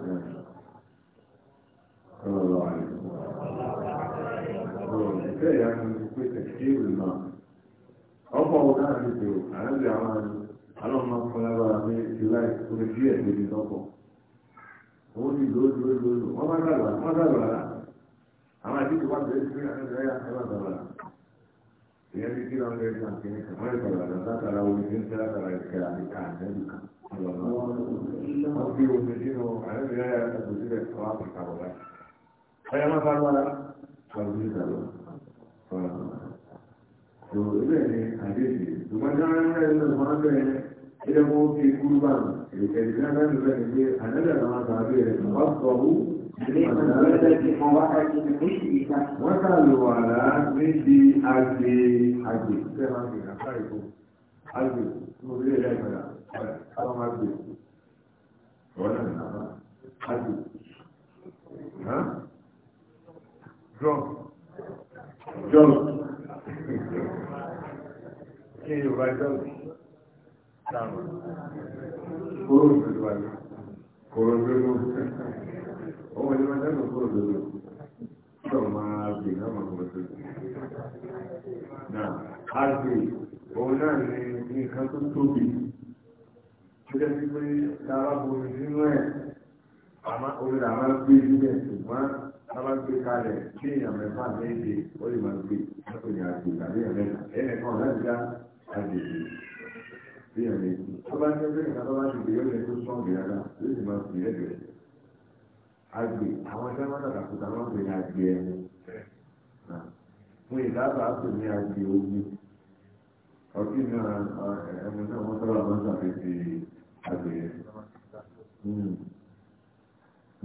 S3: Yeah sallallahu ọ̀pọ̀ wo náà ti dèrò àrẹ́bí àwọn àmì alọ́mọ fọlábára pé ti láì orí díẹ̀ débi lọ́pọ̀ òun ti lò ó lò wọ́n má dàgbà wọ́n dàgbà rà àwọn àdìgbò wà bẹ́ẹ̀ sí àrẹ́bí ayé àti ẹ̀rọ dàgbà rà ìyẹn ti kí lọ́nà ẹ̀rí náà kí ní kàn wọ́n ìgbàlá lọ látara omi tí ń tẹ́ látara ìkẹ́ àti káàdẹ́lù kan. wọ́n fi omi sínú àrẹ́bí ayé àti ẹ̀rọ sílẹ̀ kọ́ àpòkà wọ̀ láti ọ̀yà máa fara wára pàdé ìgbà lọ. tó ilé ní àdéhìí ṣùgbọ́n tí wọ́n ń rẹ̀ nínú ìwọ̀n bẹ́ẹ̀ ilé mú kí kúrú bá ìrìkẹ̀lì náà láti rẹ̀ ní pé àdẹ́lẹ̀ àwọn àgbàdo rẹ̀ wá sọ wú. Wọ́n kà lò wà láà níbi àgbè àgbè drum drum kí ni yorùbá drum drum kóró òdodo wà ní kóró òdodo ọmọ ìlú wọn dáná kóró òdodo kí ọmọ máa gbé náà máa kóró òdodo náà á gbé òun náà ní nǹkan tó tóbi tó jẹ́ sí pé tá a bá ẹ̀ orí gbé sílẹ̀ ṣùgbọ́n sábà ń gbé kalẹ̀ bí èèyàn mẹ́fà méje ó lè máa gbé lọ́pọ̀ ní àgbè tàbí èèyàn mẹ́ta ẹnì kan láti dá àgbègbè bí èèyàn méjì tó bá ń gbé bẹ́ẹ̀ náà tó bá ti gbé yóò lè tó sọ́ọ̀gì yàrá yóò sì máa fi lẹ́gbẹ̀ẹ́ àgbè àwọn ẹgbẹ́ máa dàgbà kúta máa ń pè ní àgbè ẹni fún ìdábà pè ní àgbè omi ọtí náà ẹmu náà wọ́n tọ́lá wọn ṣàfihàn àgbè ẹni. Hmm.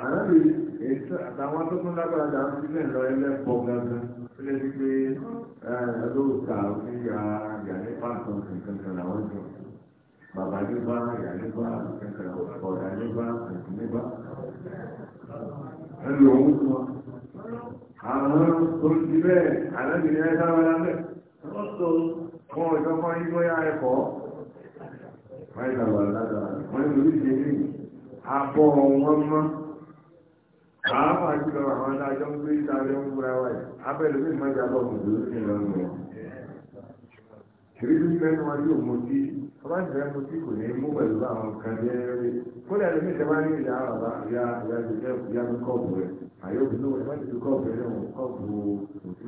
S3: ànábì ètò àtàwọn tó tún lágbára dà ń sílẹ̀ lọ ẹlẹ́ pọ̀ gangan sílẹ̀ sí pé ẹlòòkà òní ya yàrá pàtó nǹkan kan làwọn jọ bàbá nígbà yàrá bá nǹkan kan ọ̀dà nígbà àti nígbà ẹlò òun tó àwọn olùdí bẹ́ẹ̀ ànábì ní ẹ̀dá wọn lábẹ́ wọ́n sọ fún ọjọ́ kan yí bóyá ẹ̀kọ́ wọ́n yẹ kàwé àdáda
S2: wọ́n yẹ lórí
S1: ìdílé àbọ̀
S3: àwọn àjùlọ àwọn adájọ́ ń gbé ìtàrí ń gbúra wáyé abẹ́lú mi máa jábọ̀ mọ̀tò lórí ìlànà wọn. kìrìtì mẹ́nu wọn yóò mú sí ọba ìfẹ́ mú sí kò ní mú pẹ̀lú àwọn kan jẹ́ ló ní ìjọba ní ìyá ìjọba ìyá kọ́ọ̀bù rẹ̀ kọ́ọ̀bù rẹ̀ kọ́ọ̀bù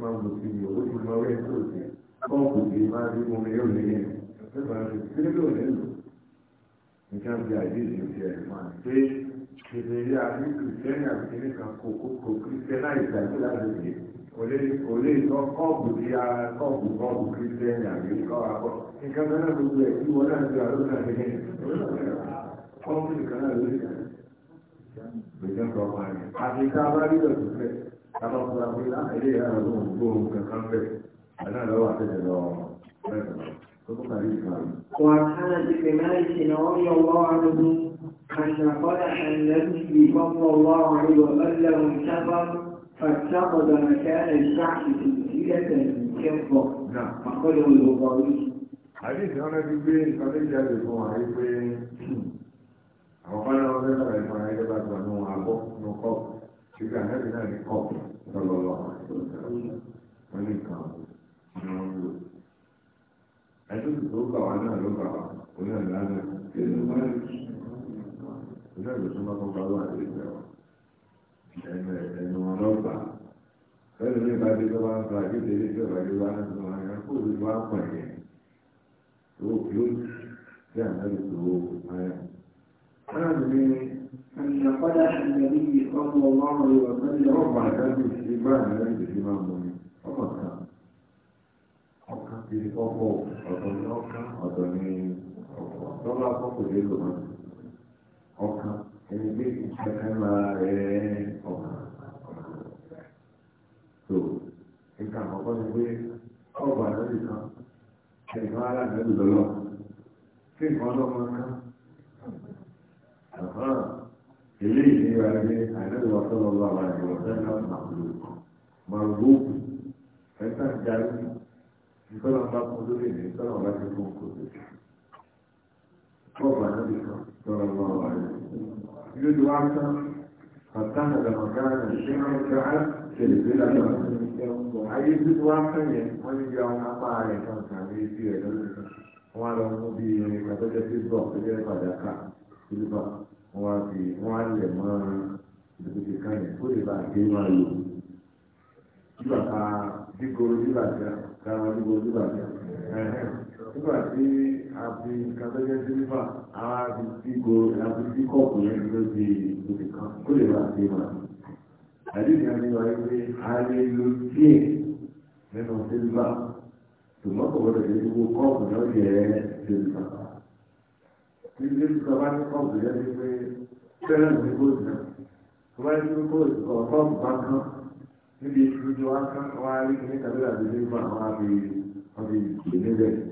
S3: máa mú sí ti tó kọ́ọ̀bù ti máa rí omi yóò kèbèrè àbí kìrìtẹ́nì àbí kìrì kan kò kò kìrìtẹ́nì àìsàn àti lágbègbè kò lè sọ kọ́ọ̀bù bí a kọ́ọ̀bù kọ́ọ̀bù kìrìtẹ́nì àbí kọ́ àbọ̀ nǹkan kan náà gbogbo ẹ̀ tí wọ́n náà ti àlọ́ náà ní kọ́ọ̀bù nìkan náà lórí kan gbèsè kan máa ní. àti ká bá rí ọ̀sùn fẹ́ ká bá fura pé ah, ilé ìyá rẹ̀ ló ń gbó ohun kankan fẹ́ àná lọ́wọ́ àtẹ̀lẹ̀ lọ
S1: Wàhálà ti fi máa ń ṣe أن فتح النبي صلى الله عليه وسلم كفر
S3: فاتخذ مكان الشعب سلسلة نعم أخرجه البخاري حديث هنا في البيت قد جاء في وقال رضي الله عنه أيضا بعد أنه عبق نقاط إذا هذه نقاط صلى الله عليه وسلم ونقاط نعم. أجل له وأنا لغة وأنا لغة náà ló tún bá kọ́ bá wà lórí ìgbà wọn ẹnu ẹnu ọlọ́pàá pẹ̀lú ní ìbájú tó wá ń fa àgbéde ní ìjọba yìí wá ń sọ àyà kó ló wá pọ̀ yẹn tó kí ó sí àmàlù tó àyà. Báyọ̀ ni ìṣàpadà ìgbàlí ọmọ ọlọ́run rẹ̀ wà pẹ̀lú ọmọ àdájú sí bá àmàlù ìdílé máa mọ̀ ni ọmọ kan. Ọkàn kiri ọkọ̀ ọ̀dọ̀ ni ọkàn ọ̀dọ̀ ni ọkọ̀ tọ́lá kọ́kọ́ lé lọ́wọ́ ọkàn ẹni pé ìṣẹ́kẹ́ máa rẹ̀ ọkàn. tó ìka àkọ́kọ́ ni pé ọgbà lórí kan ẹnìkan aláàbẹ̀rù lọ́lọ́ sí ìkan ọlọ́mọ kan. àhán ilé ìlera ní àdéhùn ọ̀sọ́lọ́lọ́ àwọn àìwọ̀ sẹ́ńtà màkùlùkù màrùbùkù ẹ̀ńtà jáde ìtọ́lọ́mọ bá kún lórí ìdí ìtọ́lọ́mọ bá ti kún kò tó. ọgbà lórí kan. صلى الله عليه وسلم يريد أكثر فاتخذ مكان الشمع فعل في البلاد أي يريد أكثر من يوم أطاع كم كان يصير wọ́n lọ mú bí irin tó jẹ́ sílvọ̀ tó jẹ́ pàdákà sílvọ̀ wọ́n fi kan yẹn kó lè bá a gbé wọn lò bí bàbá dígoro bí bàjẹ́ káwọn dígoro bí bàjẹ́ nígbà tí a fi nǹkan tó jẹ́ sílífà a fi sígo a fi sí kọ́ọ̀pù yẹn ló di òkè kan kó lè máa fi máa. àdéhùn yẹn ni wáyé pé a lè lo díẹ̀ nínú sílífà ṣùgbọ́n kò gbọdọ̀ ṣe gbogbo kọ́ọ̀pù náà yẹ sílífà. tí sílífà bá ní kọ́ọ̀pù yẹn ni pé fẹ́rẹ̀ ní kóòtù náà tó bá ní kóòtù kọ̀ kọ́ọ̀pù bá kán níbi ìṣújú wa kán wá rí ní kàdúrà tó dé fún àwọn àbí àbí ìgbè níbẹ̀.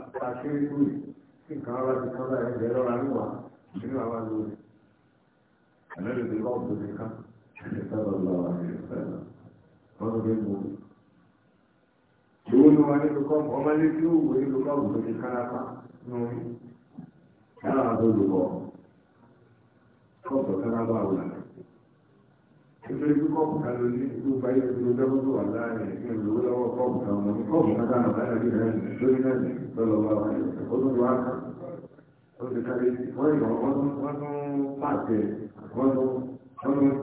S3: ta ṣe é kúrò kí nǹkan ara ti kán láì ẹgbẹ́ lọ́ra níwà nínú àwọn àlọ́ rẹ̀ àlọ́lẹ̀ tó bá òkú nìkan ìṣẹ̀tọ́lọ̀ lọ́wọ́ àìsàn wọn lè mú un. ìwé ni wọn nílùú kọ́ ọmọ ilé tí ó wù nílùú kọ́ nítorí pé kọ́ọ̀pù kan ló ní tó bá yẹ kó lọ́wọ́ tó wà láàrin ẹ̀sìn ìlú lọ́wọ́ kọ́ọ̀pù kan mọ̀ ní kọ́ọ̀pù kan dáná báyọ̀ ní rẹ̀ lórí náà ní lọ́lọ́ bá wà ní ọ̀sẹ̀ ó tún wá kan ó ti kárí wọ́n yọ wọ́n tún wọ́n tún pàṣẹ wọ́n tún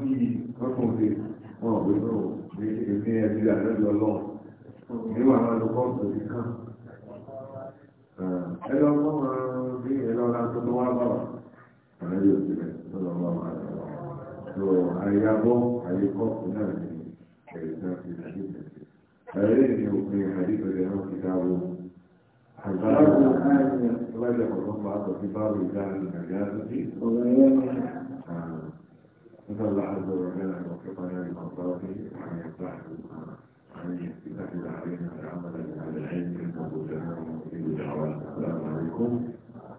S3: bí wọ́n tún ṣe wọn ò gbẹ́sọ̀ ní èmi ẹbí àlọ́jọ ọlọ́run níwọ̀n àwọn olùkọ́ọ̀pù ti kán ẹ tó àyàbọ̀ àyíkọ́kù náà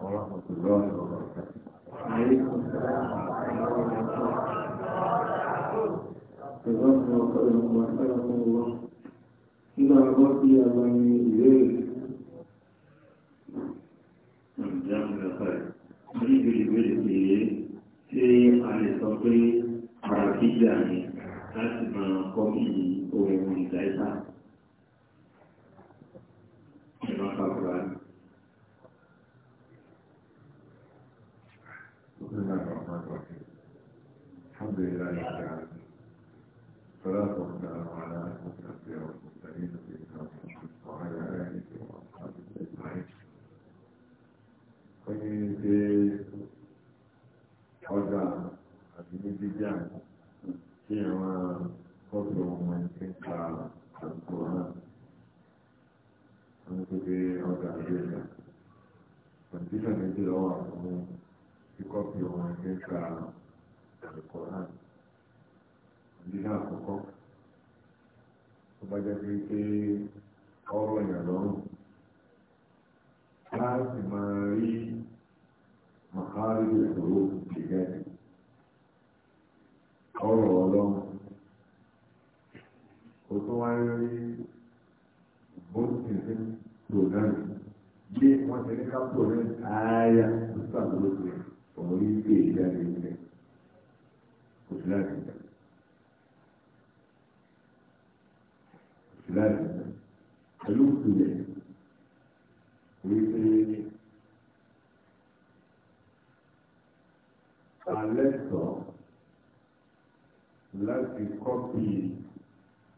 S3: السلام ورحمة الله وبركاته. عليكم
S2: السلام
S3: جزاكم وخيركم وحفظكم الله إلى ربي من إليه جزاكم الله خير níbi ìbéèrè pé ṣé a lè sọ pé àràkíjà ni láti máa kọ́ bí ohun ìgbà ìta ìmọ̀ àpapọ̀ rẹ̀.
S2: بسم الله الرحمن الرحيم الحمد لله رب العالمين الصلاة والسلام على أشرف الأنبياء
S3: والمرسلين سيدنا محمد وعلى آله وأصحابه أجمعين. طيب ọjà àti níbi díà kí àwọn kọ́pù ọmọ ti ń ka àgbò náà wọ́n ti gbé ọjà àti ìjà kọ̀ǹtíṣàn méjì lọ́wọ́ àwọn tí kọ́pù ọmọ ti ń ka àgbò náà. ìdílé akụkọ tó bá jẹ́ pé pé ọ̀rọ̀ yàn lọ́rùn láti máa rí màkàrí ìṣòro ọrụ ọ̀rọ̀ ọlọ́run kò tó wá rí bóńtì sí pòdánì bí wọ́n ọ ní ká pòdánì ààyà tó sàbòrò sí láì pẹ̀lú ìpìlẹ̀ wípé alẹ́ sọ láti kọ́pì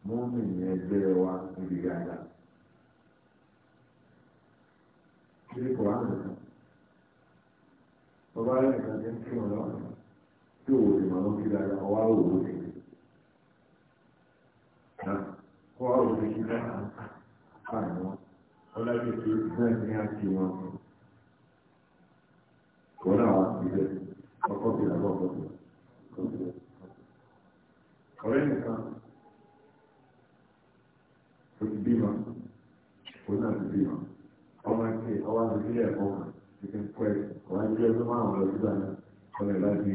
S3: mọ́mìnì ẹgbẹ́ wa níbi gàdá. Ilé kò wá nìkan. Ọba alẹ́ nìkan ti ń kí wọn lọ́wọ́ tí òwò ìmọ̀ ló fi dáadáa wá òwò sí. wọ́n wá òwe ó ti bímọ òun náà ti bímọ ọmọ ti ọwọ́ àti ìdílé ẹ̀kọ́ kan ti fi ń pẹ́ ọwọ́ àti ìdílé ọdún márùn-ún lọ sígbà náà ọmọ ẹ̀ láti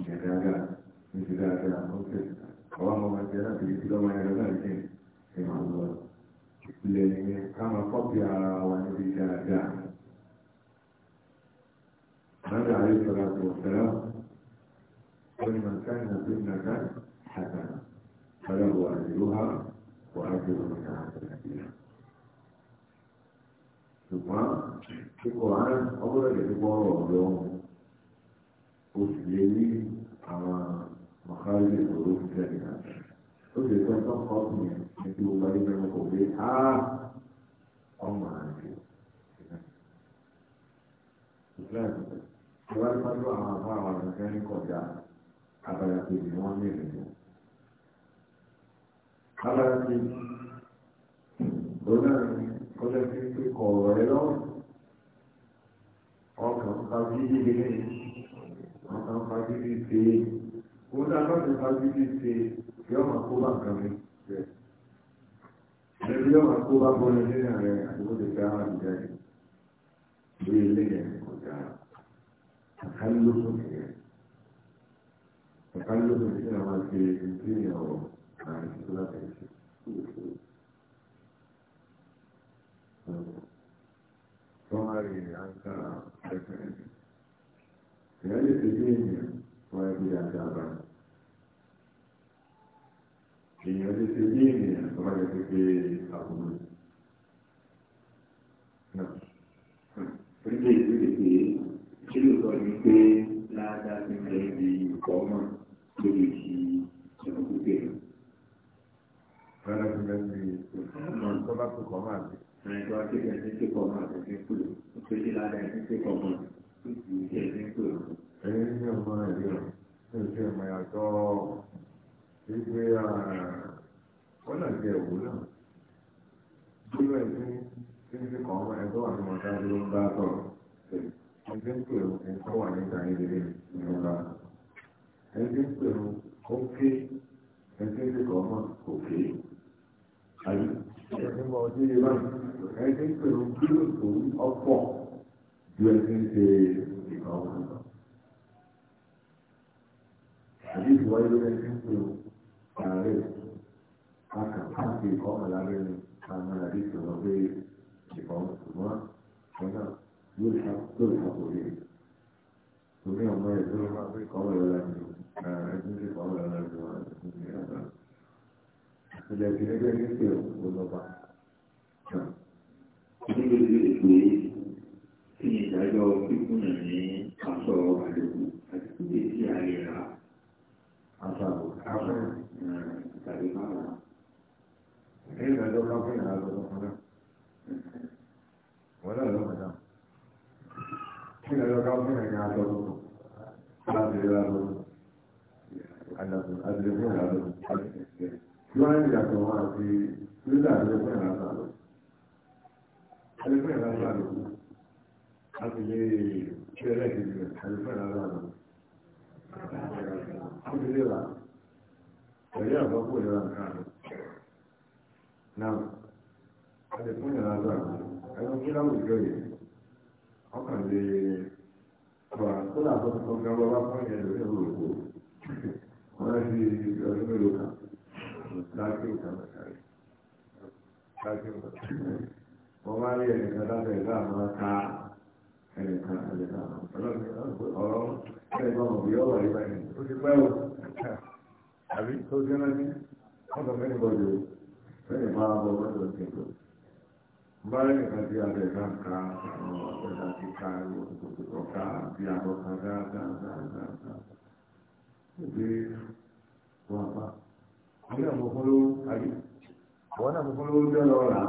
S3: ìyẹn dáadáa ní ti dáadáa ó ọwọ́ àwọn ọmọ ẹgbẹ́ náà ti di lọ́wọ́ ẹ̀rọ náà jẹ́ nínú ọ̀rọ̀ ìpìlẹ̀ ìyẹn ká máa kọ́pì ara wa níbi dáadáa. Nàbẹ̀ àyè sọ̀rọ̀ àti ọ̀sẹ̀rẹ̀ ó ní màá ká ìnà tó nà ká àtà fẹ́rẹ̀ wà nílò ha wà á jẹ́ òun náà àtàlẹ́. Ṣùgbọ́n kíkọ̀ á ọgbọ́dọ̀ lè fi gbọ́ ọ̀rọ̀ o sì lè ní àwọn màkàrí ìṣòro ìṣẹ̀lẹ̀ náà. Ó lè tọ́ tọ́ kọ́ ọ̀sìn yẹn. nítorí ó wọlé mẹ́rin kò gbé á ọmọ àti ìlànà ìwádìí pàtó àwọn àbá àwọn àgbẹ̀ ń kọjá abala kejì ni wọ́n mẹ́rin tó. abala kejì lọ́nà kọjá sí pé kọ̀ọ̀rọ̀ ẹ lọ́wọ́ ọkàn fagídí lé ọkàn fagídí ṣe kó dáná ti fagídí ṣe yọ̀ọ́ máa kó bá nǹkan mi. ẹni yóò máa kó bá bọ́lá nínú rẹ̀ àdúgbò kuma da suke a kuma Pínlẹ̀ ìlú lè pé kí sọ ní pé ládàá ti ń lẹ́yìn bí ìkọ́ ọmọ lórí ti ẹ̀rọ pípé rẹ̀. Ládàá ti lẹ́yìn bí ìkọ́ tó bá tó kọ́ máa bẹ̀. akéde ẹni tó kọ́ máa bẹ̀ ní Ó pé kí ládàá ẹni tó kọ́ máa bẹ̀ tó ti ṣe ní kúrò. Ẹni ní ọmọ ẹ̀rí ọ̀ ní ìṣe ìmọ̀ yàtọ̀ wípé ó náà jẹ òwú náà dúró ẹ fún kan ọmọ ẹ wà ní mọta dúró ń bá sọ̀rọ̀ ẹ ń pè ó ẹ wà níta ìdílé ìlú bá ẹ ń pè ó ó ké ẹ ti ọmọ kò ké àyè ń bọ ọdún yìí báyìí ẹ ń pè ó dúró òwú ọ̀pọ̀ ju ẹ ń ṣe ìkan ọmọ lọ. àbí ìwà ìlú ń pè ó ààrẹ. là là, là là, là các cái cái cái cái mà à, gì gì đi, chỉ haka haka ikọ̀ ọ̀làrin àwọn àdìsí wọn pé ìkọ̀ ṣùgbọ́n ọ̀nà yóò ṣàkóso ìṣàkóso yìí. Torí ọmọ ìṣòro máa fi kọ́ ọ̀làrin ẹ̀sìn ti kọ́ ọ̀làrin ẹ̀sìn ti ọ̀làrin. Ìṣẹ̀lẹ̀ ìṣẹ̀lẹ̀ ní ṣe òṣùpá. Ní gbogbo ètò yìí, kí ni ìdájọ́ kíkúnà ní aṣọ àdìkú àdìkú lè ṣe àlè rà? Aṣọ àbò. Aṣọ àbò. Tàbí máa rà. အဲ့ဒါတော့ကောင်းဖြစ်လာလို့ခေါ်တယ်ဝါလာလုံးမသားဖြစ်လာတော့ကောင်းဖြစ်နေတာလို့သာသနာ့လို့အလားအလားဖြစ်လာလို့ကျွမ်းရတော့ဒီသုဒ္ဓရုပ်ဖြစ်လာတာလို့အဲ့ဒီဖြစ်လာတာလို့အဲ့ဒီကျေရတဲ့ဒီခံဖြစ်လာတာလို့အဲ့ဒီကဘယ်ရောက်ဖို့ရတာလဲ náà a lè fún ìrìn àjò àná ẹnu kí láwùjọ yìí ọkàn lè wà tó làbọ̀ tó ga bọ́ bá fún ìrìn àjò ìlú òkú wọ́n ti ọdún mélòó kan láti òkú ọ̀rọ̀ ọ̀rọ̀ ìbáyìí lẹ́yìn máa bọ̀ lọ́dọ̀ tẹ̀lé bá lẹ́yìn kan tí a lè ká ká àwọn ọ̀pẹ̀lá ti ká ọ̀ká bí àbọ̀ká dáadáa ìgbé wọn pa àwọn àmọ́ fọlọ́wọ́ àbí àwọn àmọ́ fọlọ́wọ́ jẹ́ lọ́ọ̀rà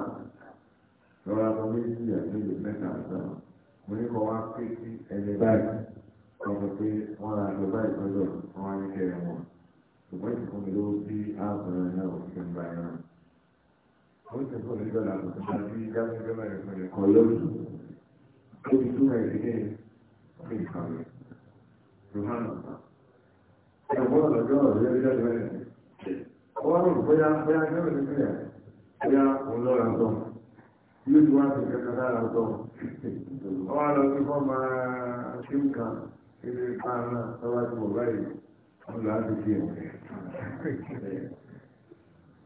S3: lọ́ọ̀rà kan méjì àti ìlú mẹ́ta àtàwọn mo ní kọ́ wá pé sí ẹni báyìí ọmọ pé wọ́n ra àjọ báyìí lọ́dọ̀ wọn á ní kẹrin wọn ṣùgbọ́n ìfúnni ló bí ààbò náà ò fi ń bá ẹ náà. Ahorita con el ganado, así ya me llama el color. ¿Qué pintura es que es? Rujano. Pero bueno, lo que yo ya ya ya. Ahora voy a voy a hacer lo que sea. Voy a un loro antón. Yo te voy a hacer que nada antón. Ahora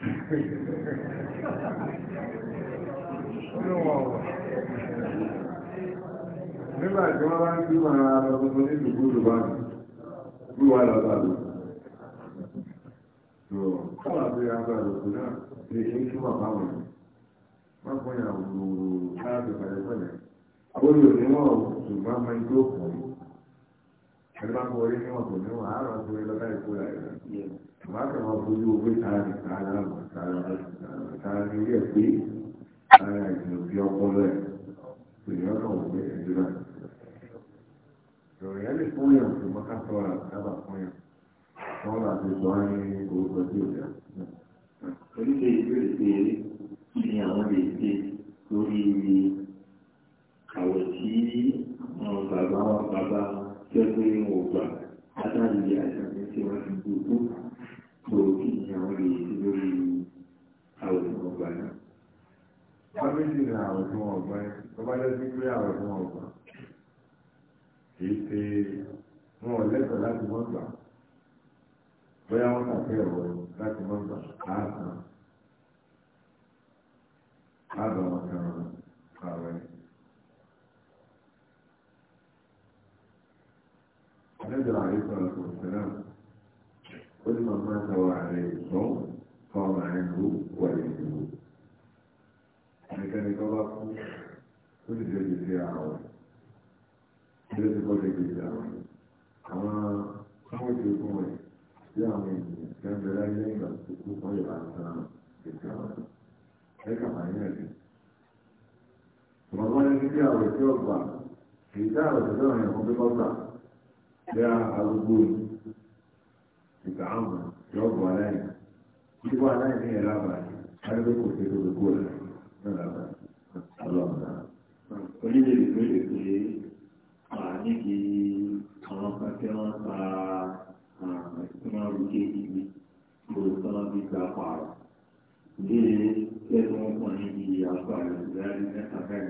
S2: nígbà
S3: tí wọ́n bá ń tí wọ́n ara lọ gbogbo ní ìlú gbogbo bá ní bí wà lọ́gbà lọ tó kọ́wà bí agbà lòkù náà lè ṣe kí wà báwọn ní wọ́n fún yà wùrù káàbì pẹ̀lẹ́pẹ̀lẹ́ orí òní wọ́n ṣùgbọ́n máa ń tó kù ẹgbẹ́ kọ́ orí níwọ̀n kò níwọ̀n àárọ̀ tó lọ́gbà ìkó rẹ̀ wàá kà máa fojú owó sáárì sáárà mọ̀ sáárà mọ̀ ní ilé pé sáárà ìdùnnú bí ọpọlọ ẹ̀ kò ní wò pé ẹ̀jú náà. ìròyìn ẹni fún yàn kò mọ́ ká sọ fún yàn wọ́n là ti sọ ní orúkọ tí ò oríṣi ìbéèrè pé ni àwọn lè ṣe lórí àwọ̀ tí bàbá bàbá tẹ́gbẹ́ wọn ò gbà látàrí àìsàn tí wọ́n ti gbogbo òbí ìyàwó lè ṣe lórí àwòrán ọgbà náà. wọ́n méjì ní àwòrán ọgbà ẹ̀ tó bá lọ́sí pé àwòrán ọgbà kìí ṣe wọn ò lẹ́tọ̀ọ́ láti wọ́n gbà bóyá wọ́n kàfẹ́ ọ̀rọ̀ láti wọ́n gbà áàtàn áàbà wọn kan ààrẹ. Àlejò àríkọ̀ ọ̀sẹ̀ náà. قل من مات وعليه الصوم قام عنه وليه كان يتوقف كل شيء في عوام كل شيء في عوام أما خمس يكون يعني كان بلا يمين تكون طيب على السلام في الكلام هيك معناته مرة يجي على الكلام في دعوة الدنيا هم بيطلع يا أبو ìtààmù yọ̀bù aláìní ìdíwọ́ aláìní yẹn lábàáyé kárígbé kò sí lórí kó rẹ̀ náà lábàáyé ọlọ́run náà. onílé ìgbélé pé àní kí àwọn kan tí pa tí wọ́n rú kéèkì bí kò sọ́nà bí gbà pààrọ̀. ìbéèrè lẹ́nu wọn kàn ní ibi àpò mẹ́ta mẹ́rin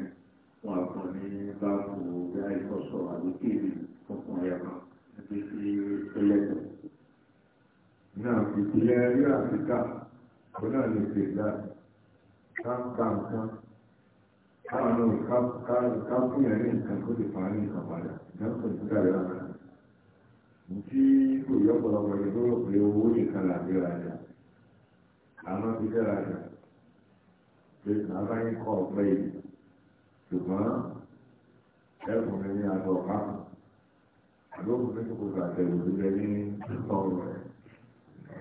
S3: wọn kàn ní báàbò gáì sọ̀sọ̀ àlùkéèrè fún ọ̀yà kan níbi tí ó náà ìpìlẹ̀ rí àfíkà ó náà lè pè gbà káàkà nǹkan káwọn náà káàkùn yẹn ní nǹkan tó lè fà á ní nǹkan padà ìdáǹkọ̀ ìpínlẹ̀ rẹ̀ rà náà tí kò yọ ọ̀pọ̀lọpọ̀ ní tó rò pé owó nìkan làbí rajà àwọn ti fẹ́ rajà pé bàbá yín kọ́ ọ̀pẹ yìí ṣùgbọ́n ẹ̀kùn mi ní aṣọ ọ̀pá àbí òkùnrin tó kò gbà tẹ̀wò lórí ẹni rẹ̀.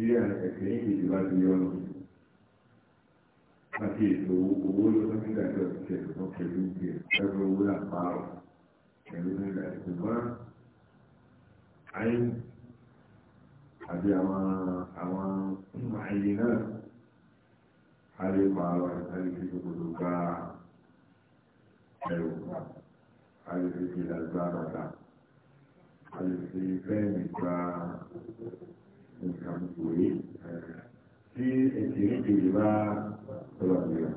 S3: bí ẹ̀kẹ́ ìkejì bá ti yọ lọ àti ètò owó lọ́sọ́ nígbà tó ti ṣe ẹ̀kọ́ pẹ̀lú ìgbẹ́ ẹgbẹ́ owó àpárọ̀ pẹ̀lú nígbà tó bá ayé àti àwọn àwọn ayé náà a lè pààrọ̀ àti fi gbogbo gba ẹ̀rù a lè fi gbé lágbára ta a lè fi fẹ́ẹ̀mì gba nǹkan ìwé tí èsì ìkejì bá sọ̀rọ̀ ìrìn.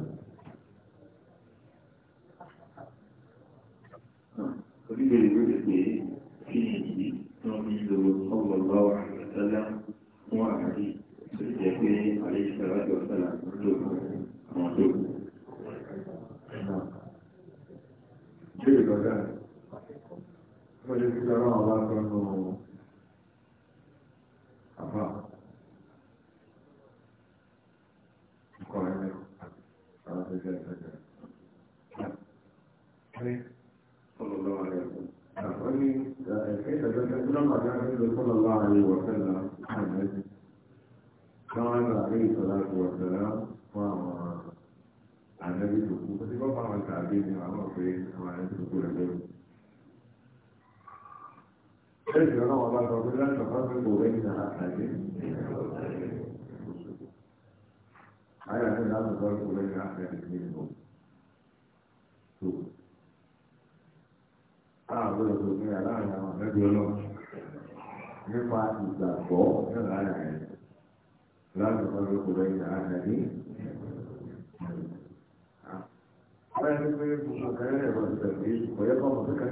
S3: Orílẹ̀ èdè ló pè é kí ìdí wọn fi lo ọgbọ̀ngbọ̀ àgbẹ̀sọ́lá fún àárí tó jẹ́ pé àlejò sọ̀rọ̀ àjọsọ̀lá ló àwọn tó kù. Ṣé ìgbàgbà? Wọ́n lè fi sọ̀rọ̀ àwọn bá صلى الله عليه وسلم محمد كان عليه الصلاة صلى الله عليه وسلم صلى الله عليه وسلم Bẹ́ẹ̀ni ọlọ́wọ́ bá sọ pé láti ọ̀pá pé kò rẹ́yìn náà àtàgé. Ayé àti láti ọ̀pá pé kò rẹ́yìn náà àtàgé ní ìbò. Tó. Káàbọ̀ lọ́dọ̀ ní aláàrin àwọn àgbẹ̀bí ọlọ́run. Nípa ìgbàgbọ́ ní ọ̀la àyà rẹ̀. Láti ọ̀pá pé kò rẹ́yìn náà àtàgé. báyìí pé gbogbo kẹrẹ ẹ̀rọ ìtẹ̀lẹ̀ ọ̀yẹ́kọ́ ọmọ tó kan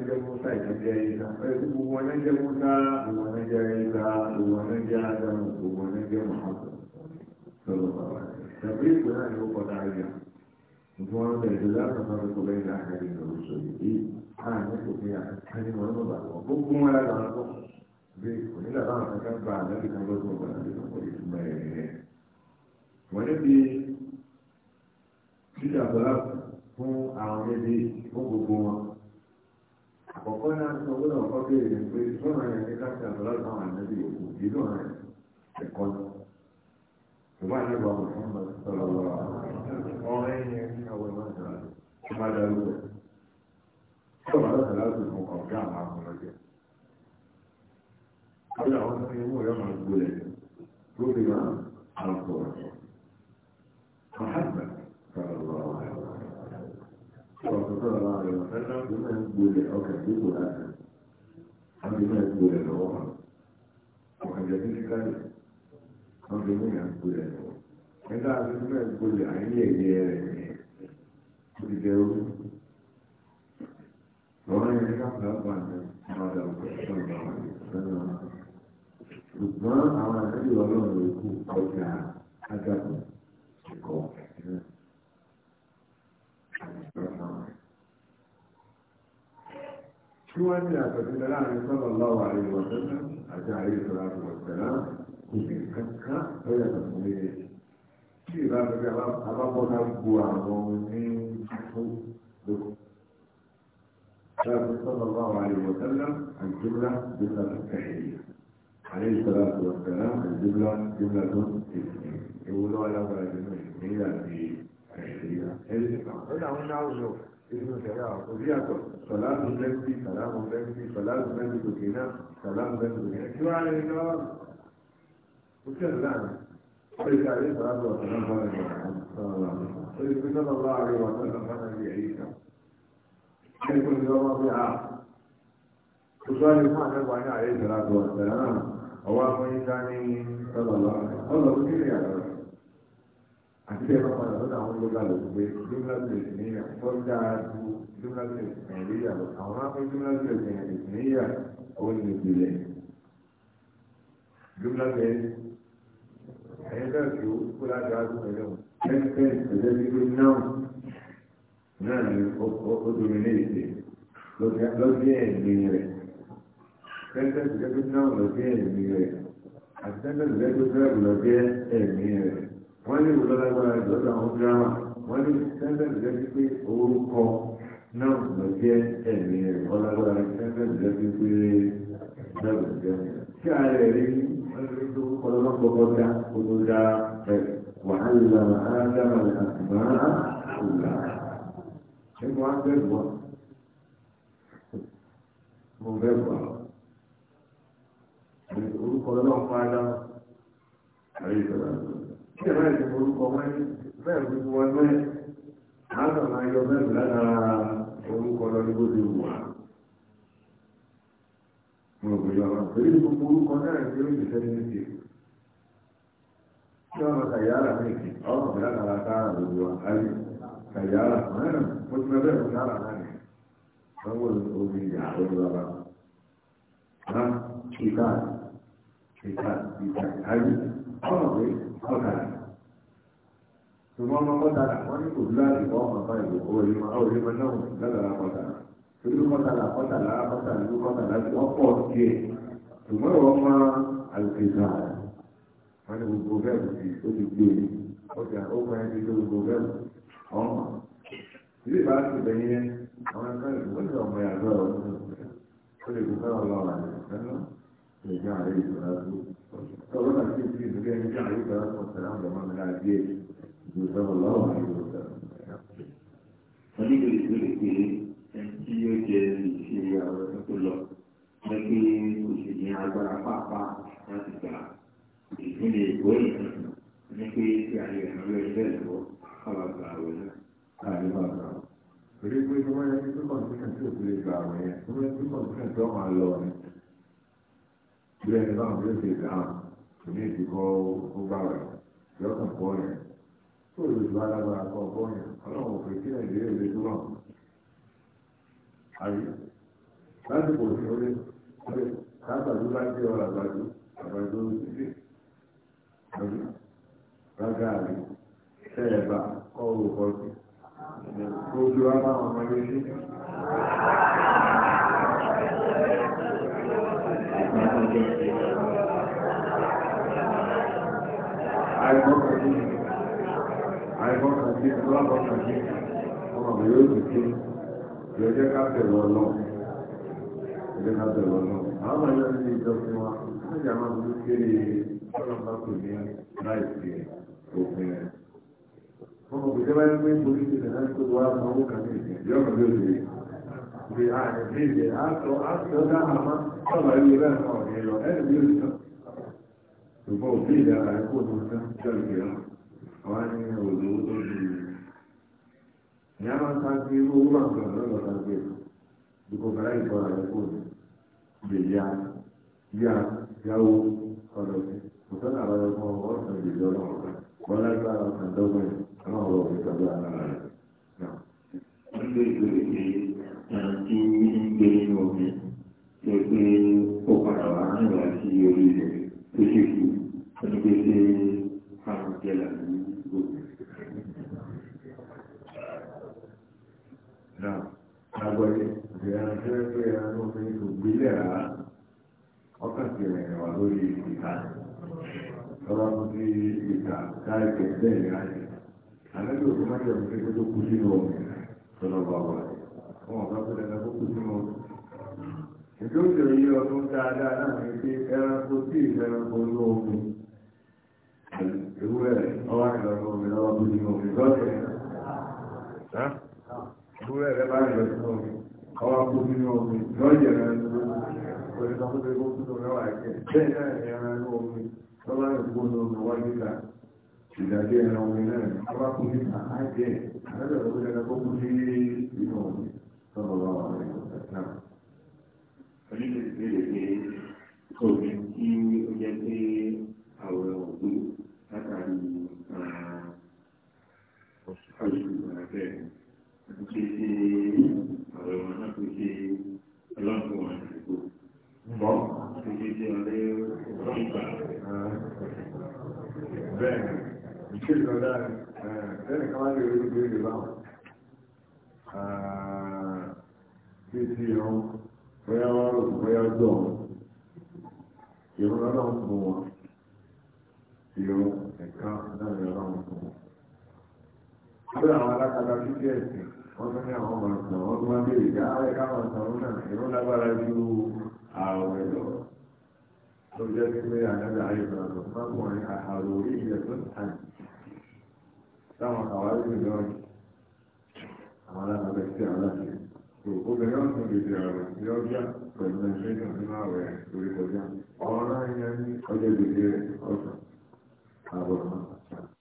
S3: fún àwọn ẹbí fún gbogbo wọn. àkọ́kọ́ náà sọ pé ọ̀pọ̀ béèrè pé sọ́nà yẹn káṣí àtọ́lá òkú ìlú ẹ̀kọ́ ni. ìwà ní ìwà kò fún mi sọ̀rọ̀ lọ́wọ́ ní àwọn ìwà ìjọba dá lóko. láti fún ọ̀gá àwọn àwọn ọ̀sọ̀tọ̀ ọ̀la rẹ̀ ní máa ń àwọn ọlọ́run ló kú tí wọ́n ní àtọ̀tí láàrin sallallahu alaihi wa sallam àti alaihi salatu wa salam kò sí kankan tó yàtọ̀ fún mi tí ìlà tó fi abábọ́dá gbo àwọn ní tó lóko. Láàrin sallallahu alaihi wa sallam al-jumla jumla tahiyya. Alaihi salatu wa salam al-jumla jumla ismiyya. Ewu lọ́wọ́ lábàrá jùlọ ìpínlẹ̀ àti ẹ̀ṣẹ̀yà. Ẹ̀ṣẹ̀ kan, ó yà wọ́n náà wù nínú ìṣẹ̀lẹ̀ àwọn òbí àtọ̀ sọ̀láàmù lẹ́gbẹ̀ẹ́ sọ̀láàmù lẹ́gbẹ̀ẹ́ sọ̀láàmù lẹ́gbẹ̀ẹ́ tòkè náà sọ̀láàmù lẹ́gbẹ̀ẹ́ tòkè náà kí wọ́n á lè lọ ó ṣe láàrin ó lè ṣe àlẹ́ sọ̀láàmù ọ̀sán náà bọ́ọ̀lù sọ̀rọ̀ ó lè fi sọ́nà bá àrẹ wà sọ́nà bá àrẹ ẹ̀yí kan ẹ̀kọ́ ni wọ́n fi hà ó sọ ní fún àtẹ́kọ̀ọ́ ní àlẹ́ sọ̀láàmù ọ̀sán náà ọwọ́ àti bí ẹ̀ka padà lọ́dọ̀ àwọn ológa lò pé jumlatul ismiya tó dáa ju jumlatul ismiya lọ àwọn máa ń pín jumlatul ismiya ó ní ìpìlẹ̀ jumlatul ẹ̀yìn bẹ́ẹ̀ tó kó láti wá dúpẹ́ lẹ́wọ̀n ẹgbẹ́ ìpìlẹ̀ bí ó náà náà ni ó domi ní ìpè lọ́sí ẹ̀mí rẹ̀ ẹgbẹ́ ìpìlẹ̀ bí náà lọ́sí ẹ̀mí rẹ̀ àti ẹgbẹ́ ìpìlẹ̀ bí wọ́n ní ìwòlọ́ lágbára ìjọba àwọn gírámà wọ́n ní sẹ́ńtẹ̀ǹtì jẹ́ sí pé orúkọ náà lọ jẹ́ ẹ̀mí rẹ̀ ọlágbára sẹ́ńtẹ̀ǹtì jẹ́ sí pé náà lọ jẹ́ sí ààrẹ rí wọ́n ní tó kọlọ́mọ́ gbọ́gbọ́ dá odò dá ẹ̀ wàhálà ádámà àtìmá òlà ẹ̀kọ́ abẹ́gbọ́ mo bẹ́ gbọ́ orúkọ ọlọ́pàá dáhùn àríyá kí ẹ̀rọ ẹ̀sìn orúkọ wọn bẹ́ẹ̀ ló wọn náà á sọ máa yọ mẹ́rin lára orúkọ lọ́dún bó ti wà. mo rò yọ ọ̀rọ̀ pé gbogbo orúkọ náà ti rí ìfẹ́ ní ti kí wọ́n máa kàyàrá mi kì ọ̀rọ̀ mi lára sára lójú wa ayé kàyàrá mẹ́rin mo ti mẹ́ bẹ́ẹ̀ mo sára náà ni wọ́n wọ́n omi ìyá olúwa bá wọn. ìka ìka ìka ayé ọ̀rọ̀ mi ọ̀kadà ṣùgbọ́n ọmọ kọ́tàlà wọ́n ní kò láti kọ́ ọmọ bá ìlú owó ìlú máa òye máa náà lágbára kọ́tàlà torí kọ́tàlà kọ́tàlà kọ́tàlà ìlú kọ́tàlà wọ́n pọ̀ díẹ̀ ṣùgbọ́n ìwọ́n máa àlùkìzà wọ́n ní gbogbo bẹ́ẹ̀ kò sí ó ti gbé ọjà e. ó máa ń ṣe gbogbo bẹ́ẹ̀ ọmọ ilé ìbá ti bẹ̀ yẹn àwọn ẹgbẹ́ ìlú wọ́n ní ọmọ yàgbẹ́ ọ̀rọ̀ ó lè kó fẹ́ràn lọ́wọ́ àlẹ́ ìgbà náà lè gbé àárẹ̀ ìṣòro فقلنا في في مجال كان عليه الصلاة والسلام زمان من العزيز صلى الله عليه وسلم فديك الإسلامية ẹnití ó jẹ ìṣe àwọn ẹni tó lọ lẹ́gbẹ́ òṣèlú agbára pàápàá láti gbà ìpínlẹ̀ èkó ìtàn ní pé tí a lè ràn lọ ilé ẹ̀kọ́ káwa gba àwẹ̀ náà. káàdé bá gbà ó. torí pé wọ́n yẹ kí pípọ̀ nígbà tí òkú lè gba àwẹ̀ yẹn wọ́n yẹ kí pípọ̀ nígbà tí wọ́n máa lọ ni. bí ẹni báwọn yóò ṣe gbà á kò ní ìdíkọ́ ó bá wà yọkàn kọ́ yẹn tó lè ju alágbára kọ́ kọ́ yẹn ọlọ́run òfin kí nàìjíríà lè dúró àwọn. àyè láti kò sí orí pé kábàdú bá jẹ́ ọ̀rọ̀ àgbàdo àgbàdo títí àbí rágá àbí tẹ́ẹ̀bà kọ́ òkọ́ sí.
S2: Ojú wa máa wọn lé sí. Thank you.
S3: àìmọ́kànlé àìmọ́kànlé ọlọ́mọkànlé ọmọ mi yóò dùn sí ìrẹ́jẹ́ ká bẹ̀rù ọlọ́ ìrẹ́jẹ́ ká bẹ̀rù ọlọ́ àwọn ọmọ yóò ní ìjọ fún wa láti àwọn ọmọdé kéré ọlọ́mọba kò ní láìsí òfin rẹ̀ ọmọ kò jẹ́ báyìí pé polisi ti tẹ̀lé tó wá fún owó kan ní ìsìn yóò kàn yóò dé ìgbé àìsí ìgbé àtọ́ àtọ́ dáhàmá ọ̀bà ilé ṣùgbọ́n òbí ìdára ẹ̀kọ́ tó ń tán jọ̀lù kìíràn àwọn ní òòlù tó ń bí i ìyá máa ń ta sí irú owó àgbà lọ́dọ̀ ta sí ẹ̀kọ́ dùkọ̀ fẹ́rẹ́ ìfọ̀rọ̀ ẹ̀kọ́ lè ya ya yáwó ọ̀dọ̀ sí kò sọ́nà àbáyọ fún ọmọ ọ̀sán ìdílé ọlọ́run kan wọ́n lágbára ọ̀sán dọ́gbọ̀n ọlọ́run ọ̀rọ̀ ìtọ́jú alára rẹ̀ náà. wọ́n lé ìgbèrè tí ń gbé nínú omi tó gbé ó padà wá nígbà tí orí rẹ̀ tó ṣèṣì pé ṣe fáwọn jẹ́là ní gbogbo. Náà, agbọ́dé, ìrìnà tí wọ́n gbé ẹran tó fi gbogbo ilé rà á, ọkàn sí ìrìn wà lórí ìta. Tọ́lá mú sí ìta káàkiri bẹ́ẹ̀ ni a ṣe. Àlẹ́ tó fi máa jẹun pé kó tó kú sínú omi dáadáa náà ní pé ẹranko tí ìfẹ́ranko ló omi ewúrẹ́ ọwọ́ àìlọ́ fún omi lọ́wọ́ bí nínú omi lọ́sẹ̀ ewúrẹ́ rẹ bá àìlọ́ fún omi ọwọ́ kó nínú omi lọ́yẹ̀ rẹ lórí ọkùnrin kó kúrò lọ́wọ́ àìkẹ́ bẹ́ẹ̀ náà ẹran ní omi lọ́wọ́ àìkú ní omi wáyé ta ìdàdé ẹran omi náà ọwọ́ kó ní àájẹ́ àlọ́ gbígbà bẹ́ẹ̀ ìṣe ìrọ̀lá ẹnì kan wá lè rí ìgbé ìlú báwọn bí ti ìrún bóyá wọ́n rò bóyá ọjọ́ ìrún ọlọ́run fún wọn ìrún ẹ̀ka náà ní ọlọ́run fún wọn. Bí àwọn alákàtà títí ẹ̀sìn, wọ́n tún ní àwọn ọmọ ọ̀sán, wọ́n tún wá tó jẹ́ pé àdájọ́ àyíká tó sákùnrin àhàrò orí ilẹ̀ tó ń tàn táwọn àwárí mìíràn àwọn alábẹ́ sí aláṣẹ tó obìnrin ọ̀sán gbèsè ọ̀rọ̀ sí ọjà
S2: pẹ̀lú ẹ̀ṣẹ́yìn nínú àwẹ̀ lórí kọjá ọ̀rọ̀ náà yẹn ní ọjọ́ gbèsè ọ̀sán àbọ̀rọ̀ náà